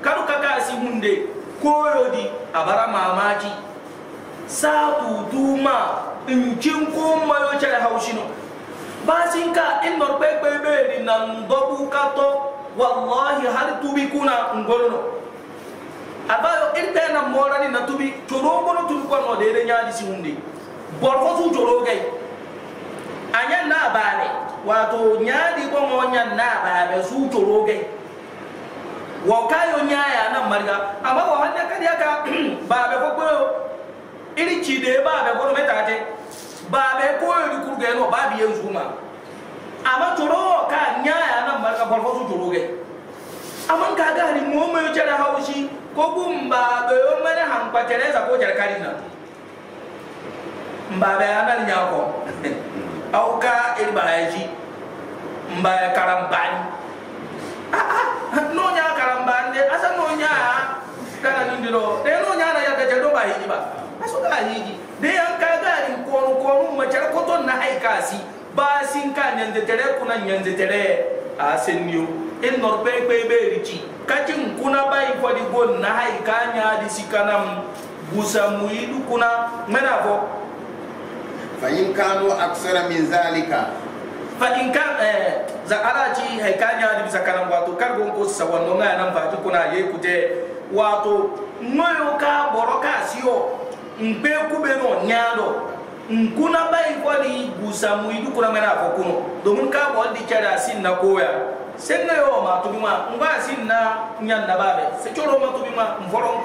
kanu kaka si munde koyodi abara mamaci satu duma incinkumayo care hausino basinka inor kpekpeɓeeri na ngobu kato wallahi hali tubi kuna ngolono abayo irte na morani na tubi corogono tubi kono dede ñaadi siwundi borfo su corogay añan na baane wato ñaadi ɓomo ñan na baaɓe su corogay wo kayo ñaya nan mariga amma wo hanne kadiya ka baaɓe fo gboyo iri cide baaɓe gono metate baabe ko yori kurge no baabi yen zuma ama toro ka nya ya na marka bolfo su toro ge aman ka ga ni mo mo jara haushi ko bum baabe yo mane han patere za ko jar karina mbabe ana nya ko au ka e il baraji mbaye karambani ah, ah, no nya karambani asa no nya kana nindiro de no nya na ya ga jado ba ba aso ga hiji de yan ka gari konu konu macar ko na ai kasi ba sin tere kuna nyanze tere a senniyo in nor pe pe be rici kacin kuna bai fodi gon na ai di sikanam busa muidu kuna mena bo fa in kanu aksara min zalika fa in kan eh za araji ai di sikanam wato kar ko sawanno nan ba kuna ye kute moyo ka boroka siyo npe kube no nyaado nkuna bai kwadi gusa mu idu kuna mena fo kuno domin ka bo di kada sin na koya sen na yo ma to bima ngwa sin na nyan na babe se choro ma to bima mforon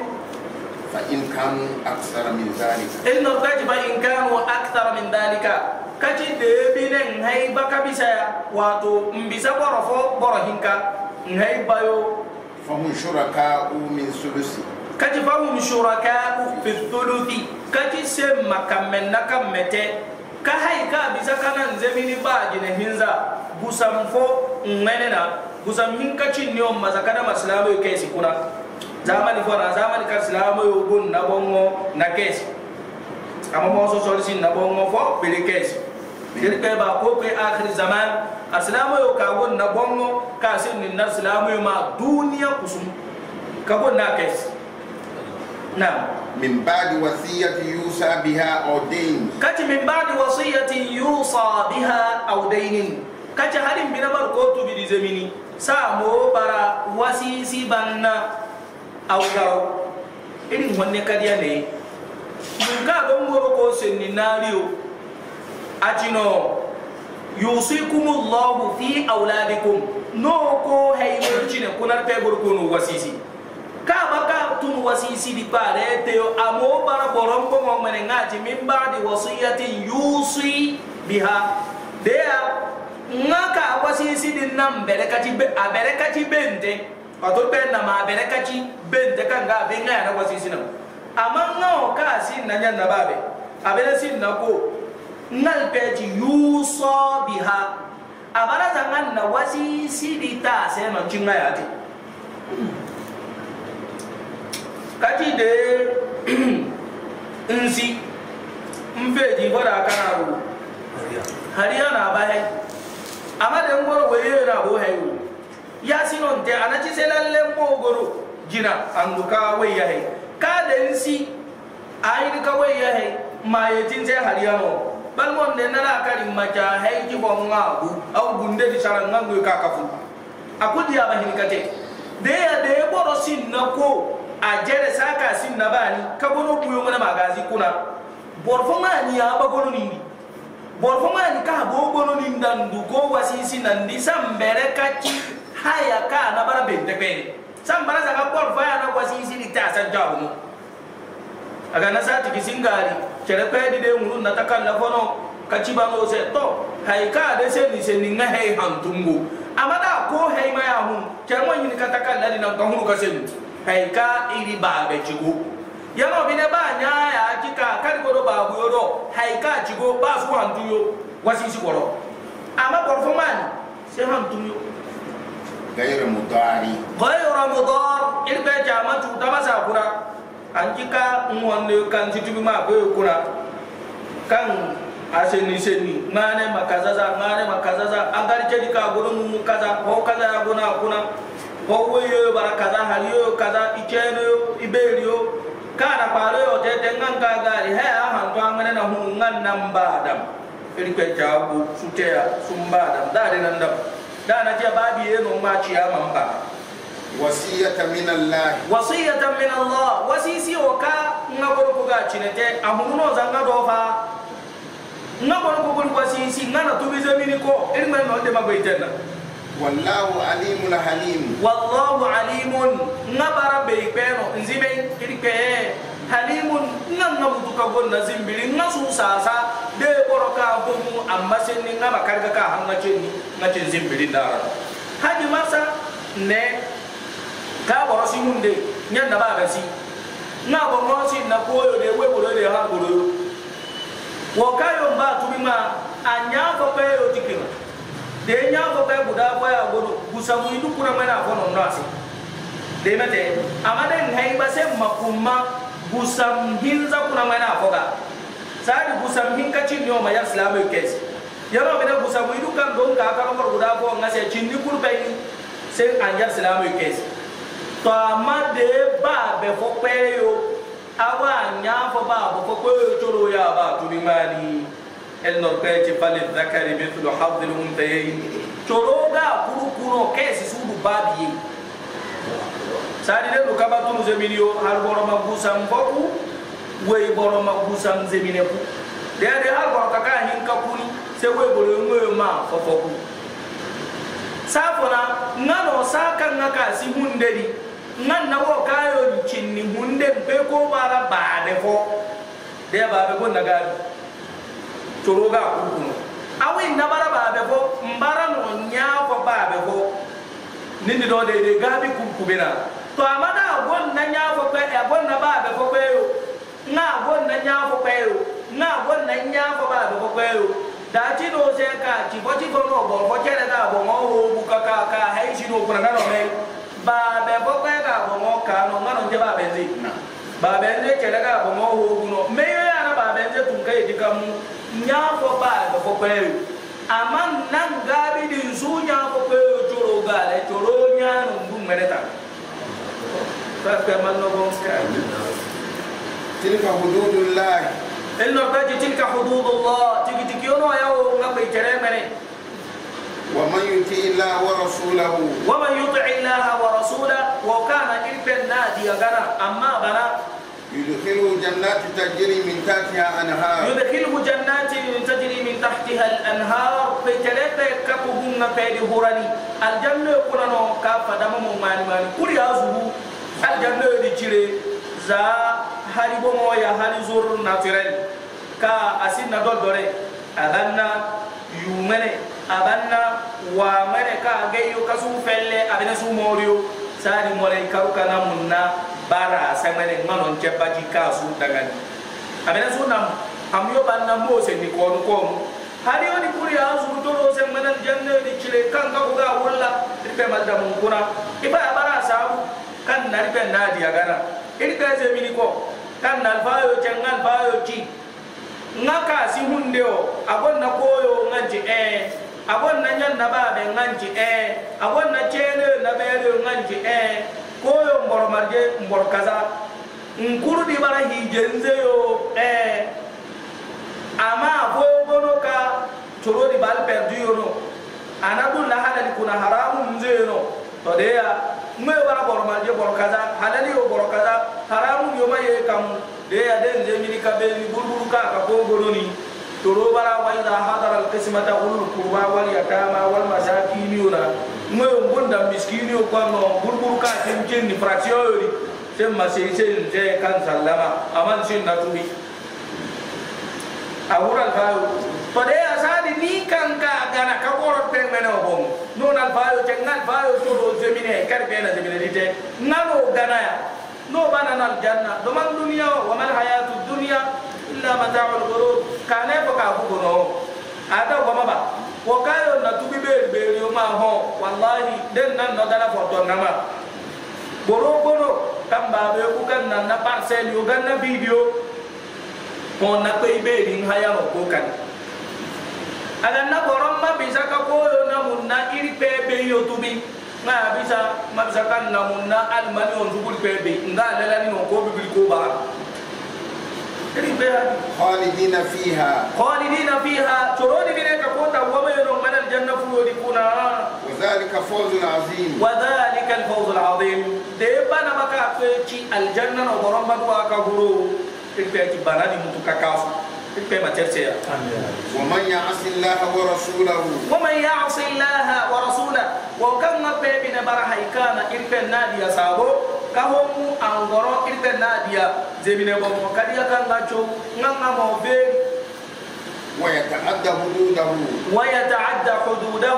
fa in kanu aksara min zalika in e na taji ba in kanu aksara min zalika kaci debi ne nhai baka bisa ya wato mbisa boro fo boro hinka nhai bayo fahum shuraka'u min sulusi kati fahum shurakau fi thuluthi kati semma kammenna kammete ka hay ka bisa kana nzemini baajine hinza gusam fo ŋmenena gusam hin kacinni on masa kana masilamoyo kesi kuna zamani fona zamani ka silamoyo gun nabonŋo na kesi ama mososolisin nabonŋo fo bili kesi jirke ba ko kai akhir zaman asilamu yo ka na bongo ka sin ni na yo ma duniya kusum ka na kes Min ba'di wasiyati yusa biha au dayn. Kati min ba'di wasiyati yusa biha au dayn. Kati harin bina bar ko to bi zemini. Sa mo bara wasisi banna au garo. Irin wonne kadiya ne. Mun ka gon goro ko senni nariyo. Ajino yusikumullahu fi auladikum. No ko hayyurcine kunar pegor kunu wasisi. kama ka tun wasisidi pare teo amo para boron ko mo mene ngati min ba'di wasiyatin yusi biha dea ngaka wasisidi nam berekati be aberekati bente wato ben na ma aberekati bente kanga be ngaya na wasisina amma ngao ka sin na nyan na babe abele sin na ko ngal peji yusa biha abara zangan na wasisidi ta se no chingaya ti kati de nsi mfeji bada aka na abu hariya na abahe amma da ngoro we ye na bo heyu ya sino nte anachi se lalle mbo ogoro jina anduka we ya he ka de nsi ayi ka we ya he ma ye tinse hariya no balmon de nana kari macha he ji bo ngabu au gunde di sara ngangu ka kafu akudi abahin kate de ya de boro sin na ko a jere saka sin na bani ka gono buyo mana magazi kuna borfo ma ni ya ba gono ni borfo ma ni ka bo gono ni dan du go wasisi nan di sambere ka ci haya ka na bara bente pe sambara saka borfo ya na wasisi ni ta san jabu mu aga na sati kisingari kere pe di de ngurun na takalla fono ka ci ba mo se to hay ka de se ni se ni nga hay hantungu amada ko hay ma ya hun kere mo ni ka takalla ni nan ka hunu ka se kai ka iri ba be jigo yano bi ne ba nya ya jika kari ko do ba bu ka jigo ba fu han duyo wasi si koro ama kor fu man se han duyo gayra mudari gayra mudar il be jama tu ta masa kura an jika ngon ne kan jitu ma be kura kan aseni seni ngane makazaza ngane makazaza agar jadi ka gonu mu kaza ho kaza ya gona kuna owuyo bara kaza haliyo kaza icheniyo ibeliyo kana kwaleyo tete nganka gari he ahantwangane na hunu ngan nan badam irikwe jabu suteya sun badam dade nan dam dana je babi yeno ma ciyaman ba wasiyata min allah wasiyata min allah wasisi oka ngagoro kuga cinete amuno zanga dofa ngagoro kugul wasisi ngana tubize miniko irikwe no de magoitenna wallahu alimul halim wallahu alimun ngabara be nzibe kirike halimun nan na butuka gonna zimbiri na su sasa de boroka gomu amma sen ni ngaba karga ka hanga chenni na chen zimbiri dara haji masa ne ka borosi munde nyan na ba si na bongosi na koyo de we boro de ha boro wo kayo mba tubima anya ko peyo tikira de nya fo kay guda fo ya godo gusa mu idu kuna mana fo non nasi de mate amada ngai ba se makumma gusa hinza kuna mana fo ga sadi gusa hin ka cin yo ma ya islamu kes yaro bida gusa mu idu kan don ka ka ko guda fo ngase cin ni kurbai sen an ya islamu kes to amade ba be fo pe yo awa nya fo ba fo ko yo choro ya ba tu bi mani el norkaye ci fali zakari mithlu hadhil unthayayn coroga kuru kuno kesi sudu babiye sadi de lu kaba tunu zemini yo har boroma gusam boku wey boroma gusam zemine ku de de har bor kaka hin kakuni se wey bolo ngoy ma fofoku safona ngano saka ngaka si hunderi ngan na wo kayo cinni hunde be ko bara baade fo de baabe ko nagari coroga ku kunu awi nabara ba be fo mbara no nya fo ba be fo nindi do de de gabi ku kubena to amada gon na nya fo pe e na ba be fo pe yo na gon na nya fo pe yo na gon na nya fo ba be fo pe yo da ti do se ka ti fo ti fo no bo fo chere da bo mo ho bu ka ka ka hai si no kuna na no me ba be fo pe ka bo mo ka no ngano je ba be zi ba be ne chere ka bo mo ho bu no me de tun kai diga mu nya ko ba da fo kwayo amma nan gabi din su nya fo kwayo joro ga da joro nya nun dun mere ta ta man no bon ska tilka hududullah inna kaji tilka hududullah tigi tigi yono yawo ngabe tere mere ومن يطع الله ورسوله ومن يطع يدخله جنات تجري من تحتها أنهار يدخله جنات تجري من تحتها الأنهار في ثلاثة كبهم نفيد هوراني الجنة يكون كافة دم ممان مان كل يازه الجنة يدخله زا هاربو مويا هاري زور ناتيرل كا أسين ندول دوري أغنى يومني أغنى وامني كا أغيو كسو فلي أبنسو موريو sari ngore ikaru kana munna bara sangane ngano ncheba jika su dagani amena su nam amyo banna mose ni ko ko hari oni kuri azu toro se manan janne ni chile kan ka uga walla ribe madda mun kuna iba bara sabu kan na ribe na dia gana iri ka se mini ko kan na fayo changan fayo chi ngaka si hunde o agon na koyo nganji eh agon na nyan na babe nganji eh agon marje mbor kaza di bara hijenzeyo eh ama foyogono ka corodi bal perduyono anagunna halali kuna haramu mzeyeno to deya ŋme bara boro marje boro kaza halali yo boro kaza haramu yoma ye kamu deya den zemini ka beni burburu ka ka fogononi toro bara waida hadara alkismata ulul qurba wal yatama wal masakiniuna ŋo yo ngunda miskini yo kwano burburu ka ten jenni fratio yori ten masei sen te kan sallama aman sin natubi a wural fayo to de asadi ni kanka gana ka woro ten mene o bom non al fayo te ngal fayo to do zemine kar bena zemine dite ngalo gana ya no bana nal janna do man dunya wa mal hayatu dunya illa mata'ul ghurur kana ko ka ko no ada ko maba wo kayo na tubi beri beri o ma ho wallahi den nan no dala foto nama boro boro kan ba be ku kan nan na parcel yo gan na video ko na pe beri haya ro ko kan ala na boron ma bisa ka ko yo na mun na iri pe be yo tubi nga bisa ma bisa kan na mun na almani on zubul pe be nga lalani on ko bi ko ba خالدين فيها خالدين فيها ترون بنك كنت ومن من الجنة فيولكنا وذلك فوز عظيم وذلك الفوز العظيم ديبانا مكا الجنة وضرمبا وكا غرو تلك بنا دي متكاكاسو كيف ترتيا ومن يعص الله ورسوله ومن يعص الله ورسوله وكان بيبي نبره كان إرتنا ناديا سابو kahom angoro irte nadia zebine bomo kadiya kanga cho nganga mo ويتعدى حدوده ويتعدى حدوده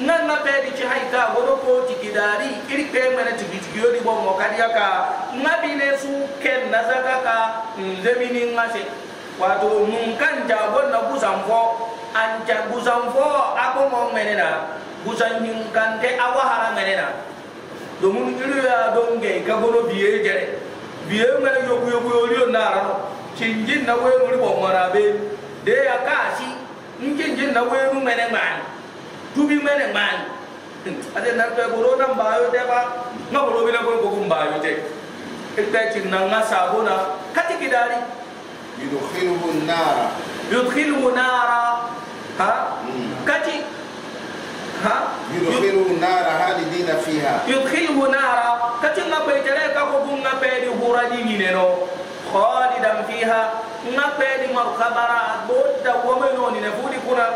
nan na pe di chai ka wodo ko ti kidari iri pe mene ti bidiyo di bomo kadiya ka su wato mun kan jagon na gusan fo an ja gusan fo ako mo menena gusan yin kan te awa hara menena domin iru ya don ge ka gono biye jere biye mena yoku yoku yori na rano cinjin na we muri bon marabe de ya kasi cinjin na we nu mene man tubi mene man ade nar pe goro nan bayo te ba ngaboro bi na ko ko bayo te ikpe cinna ngasa bona katikidari يدخله النار يدخله نارا ها كتي ها يدخله النار خالدين فيها يدخله نارا كتي ما بيتلك كوكو ما بيدي هوراني نينو خالدا فيها ما بيدي مرخبرا بود ومنون نفودي كنا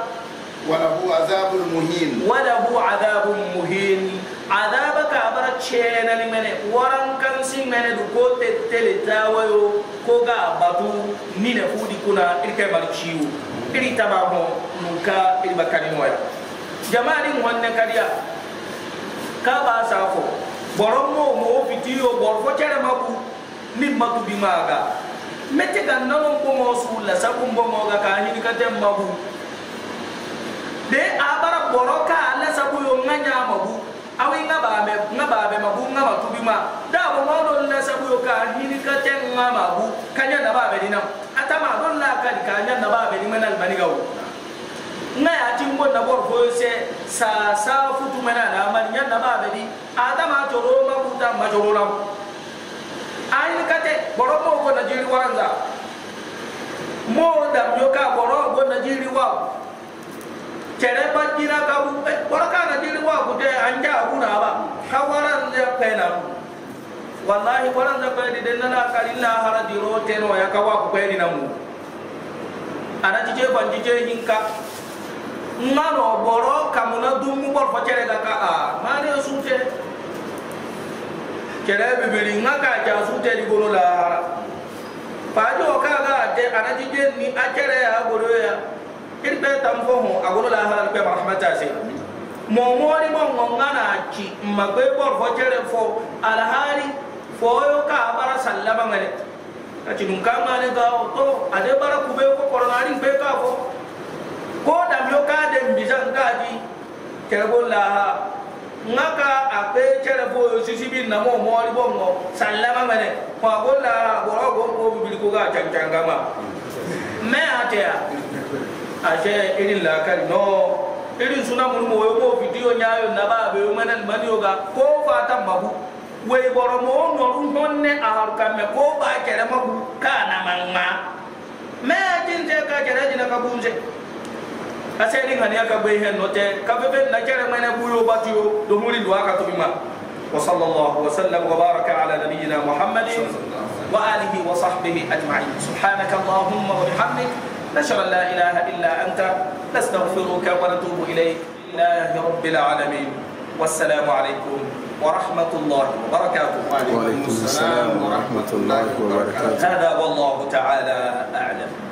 وله عذاب مهين وله عذاب مهين adaba ka abara cheenani mene warankansi mene du ko tettele tawayo ko ga batu nine fuudi kuna iri kay bar ciwu iri tabamo nun ka iri bakkanimoya jamani wanne kadiya ka ba safo boronmo moo fitiyo bor fo cere mabu ni matubi maga mette ga nanon kumo sulla sabu mbomoga ka hinikaten mabu de abara boro ka alla sabu yo ŋa ñamabu awi nga ba me nga ba be mabu nga matubi ma da bo ma don na sabu yo ka hini ka ten nga mabu kanya na ba di dinam ata ma don na ka kanya na ba be ni manal bani gawo nga ya ti mo na bor ko se sa sa futu mana na ma nya na ba be ni ata ma to ro ma ku ta ma to ro la ayin ka te boro mo ko na jiri wanza mo da yo ka boro go na jiri wa cere bakira kabu wara kana jiri wa gute anja abuna ba ka wara ya pena wallahi wara da pedi den na kalilla hara diro teno ya ka wa ku pedi namu ana jije ban jije hinka ngano boro kamuna dum bor fa cere ga ka a ah, mare su ce cere bibiri ngaka ja su te di golo la hara pajo ka ga de ana jije ni a ya goro ya irbe tan fo hun agolo la halal pe rahmata se mo mori mo ngana ci magbe bor fo jere fo alhari fo yo ka bara sallama ngale ati dun kan ngane ga to ade bara kube ko koronari be ka fo ko dam yo ka de bizan ka di kerbo la ngaka ape jere fo yo sisi bin na mo mori bo ngo sallama ngale ko agolo la boro go ko bi ko ga janganga ma me atea ashe irin lakari no irin suna murmu wai ko bidiyo nyayo na ba be manan maniyo ga ko fatan babu wai boro mo noru honne a harkan me ko ba kere mabu kana manma me ajin te ka kere jina ka bunje ase ni ngani aka gbe he no te ka be na kere mane buyo batiyo do muri do aka to bima wa sallallahu wa sallam wa baraka ala nabiyyina muhammadin wa alihi wa sahbihi ajma'in subhanaka allahumma wa bihamdika نشر لا إله إلا أنت نستغفرك ونتوب إليك لله رب العالمين والسلام عليكم ورحمة الله وبركاته وعليكم السلام ورحمة الله وبركاته هذا والله تعالى أعلم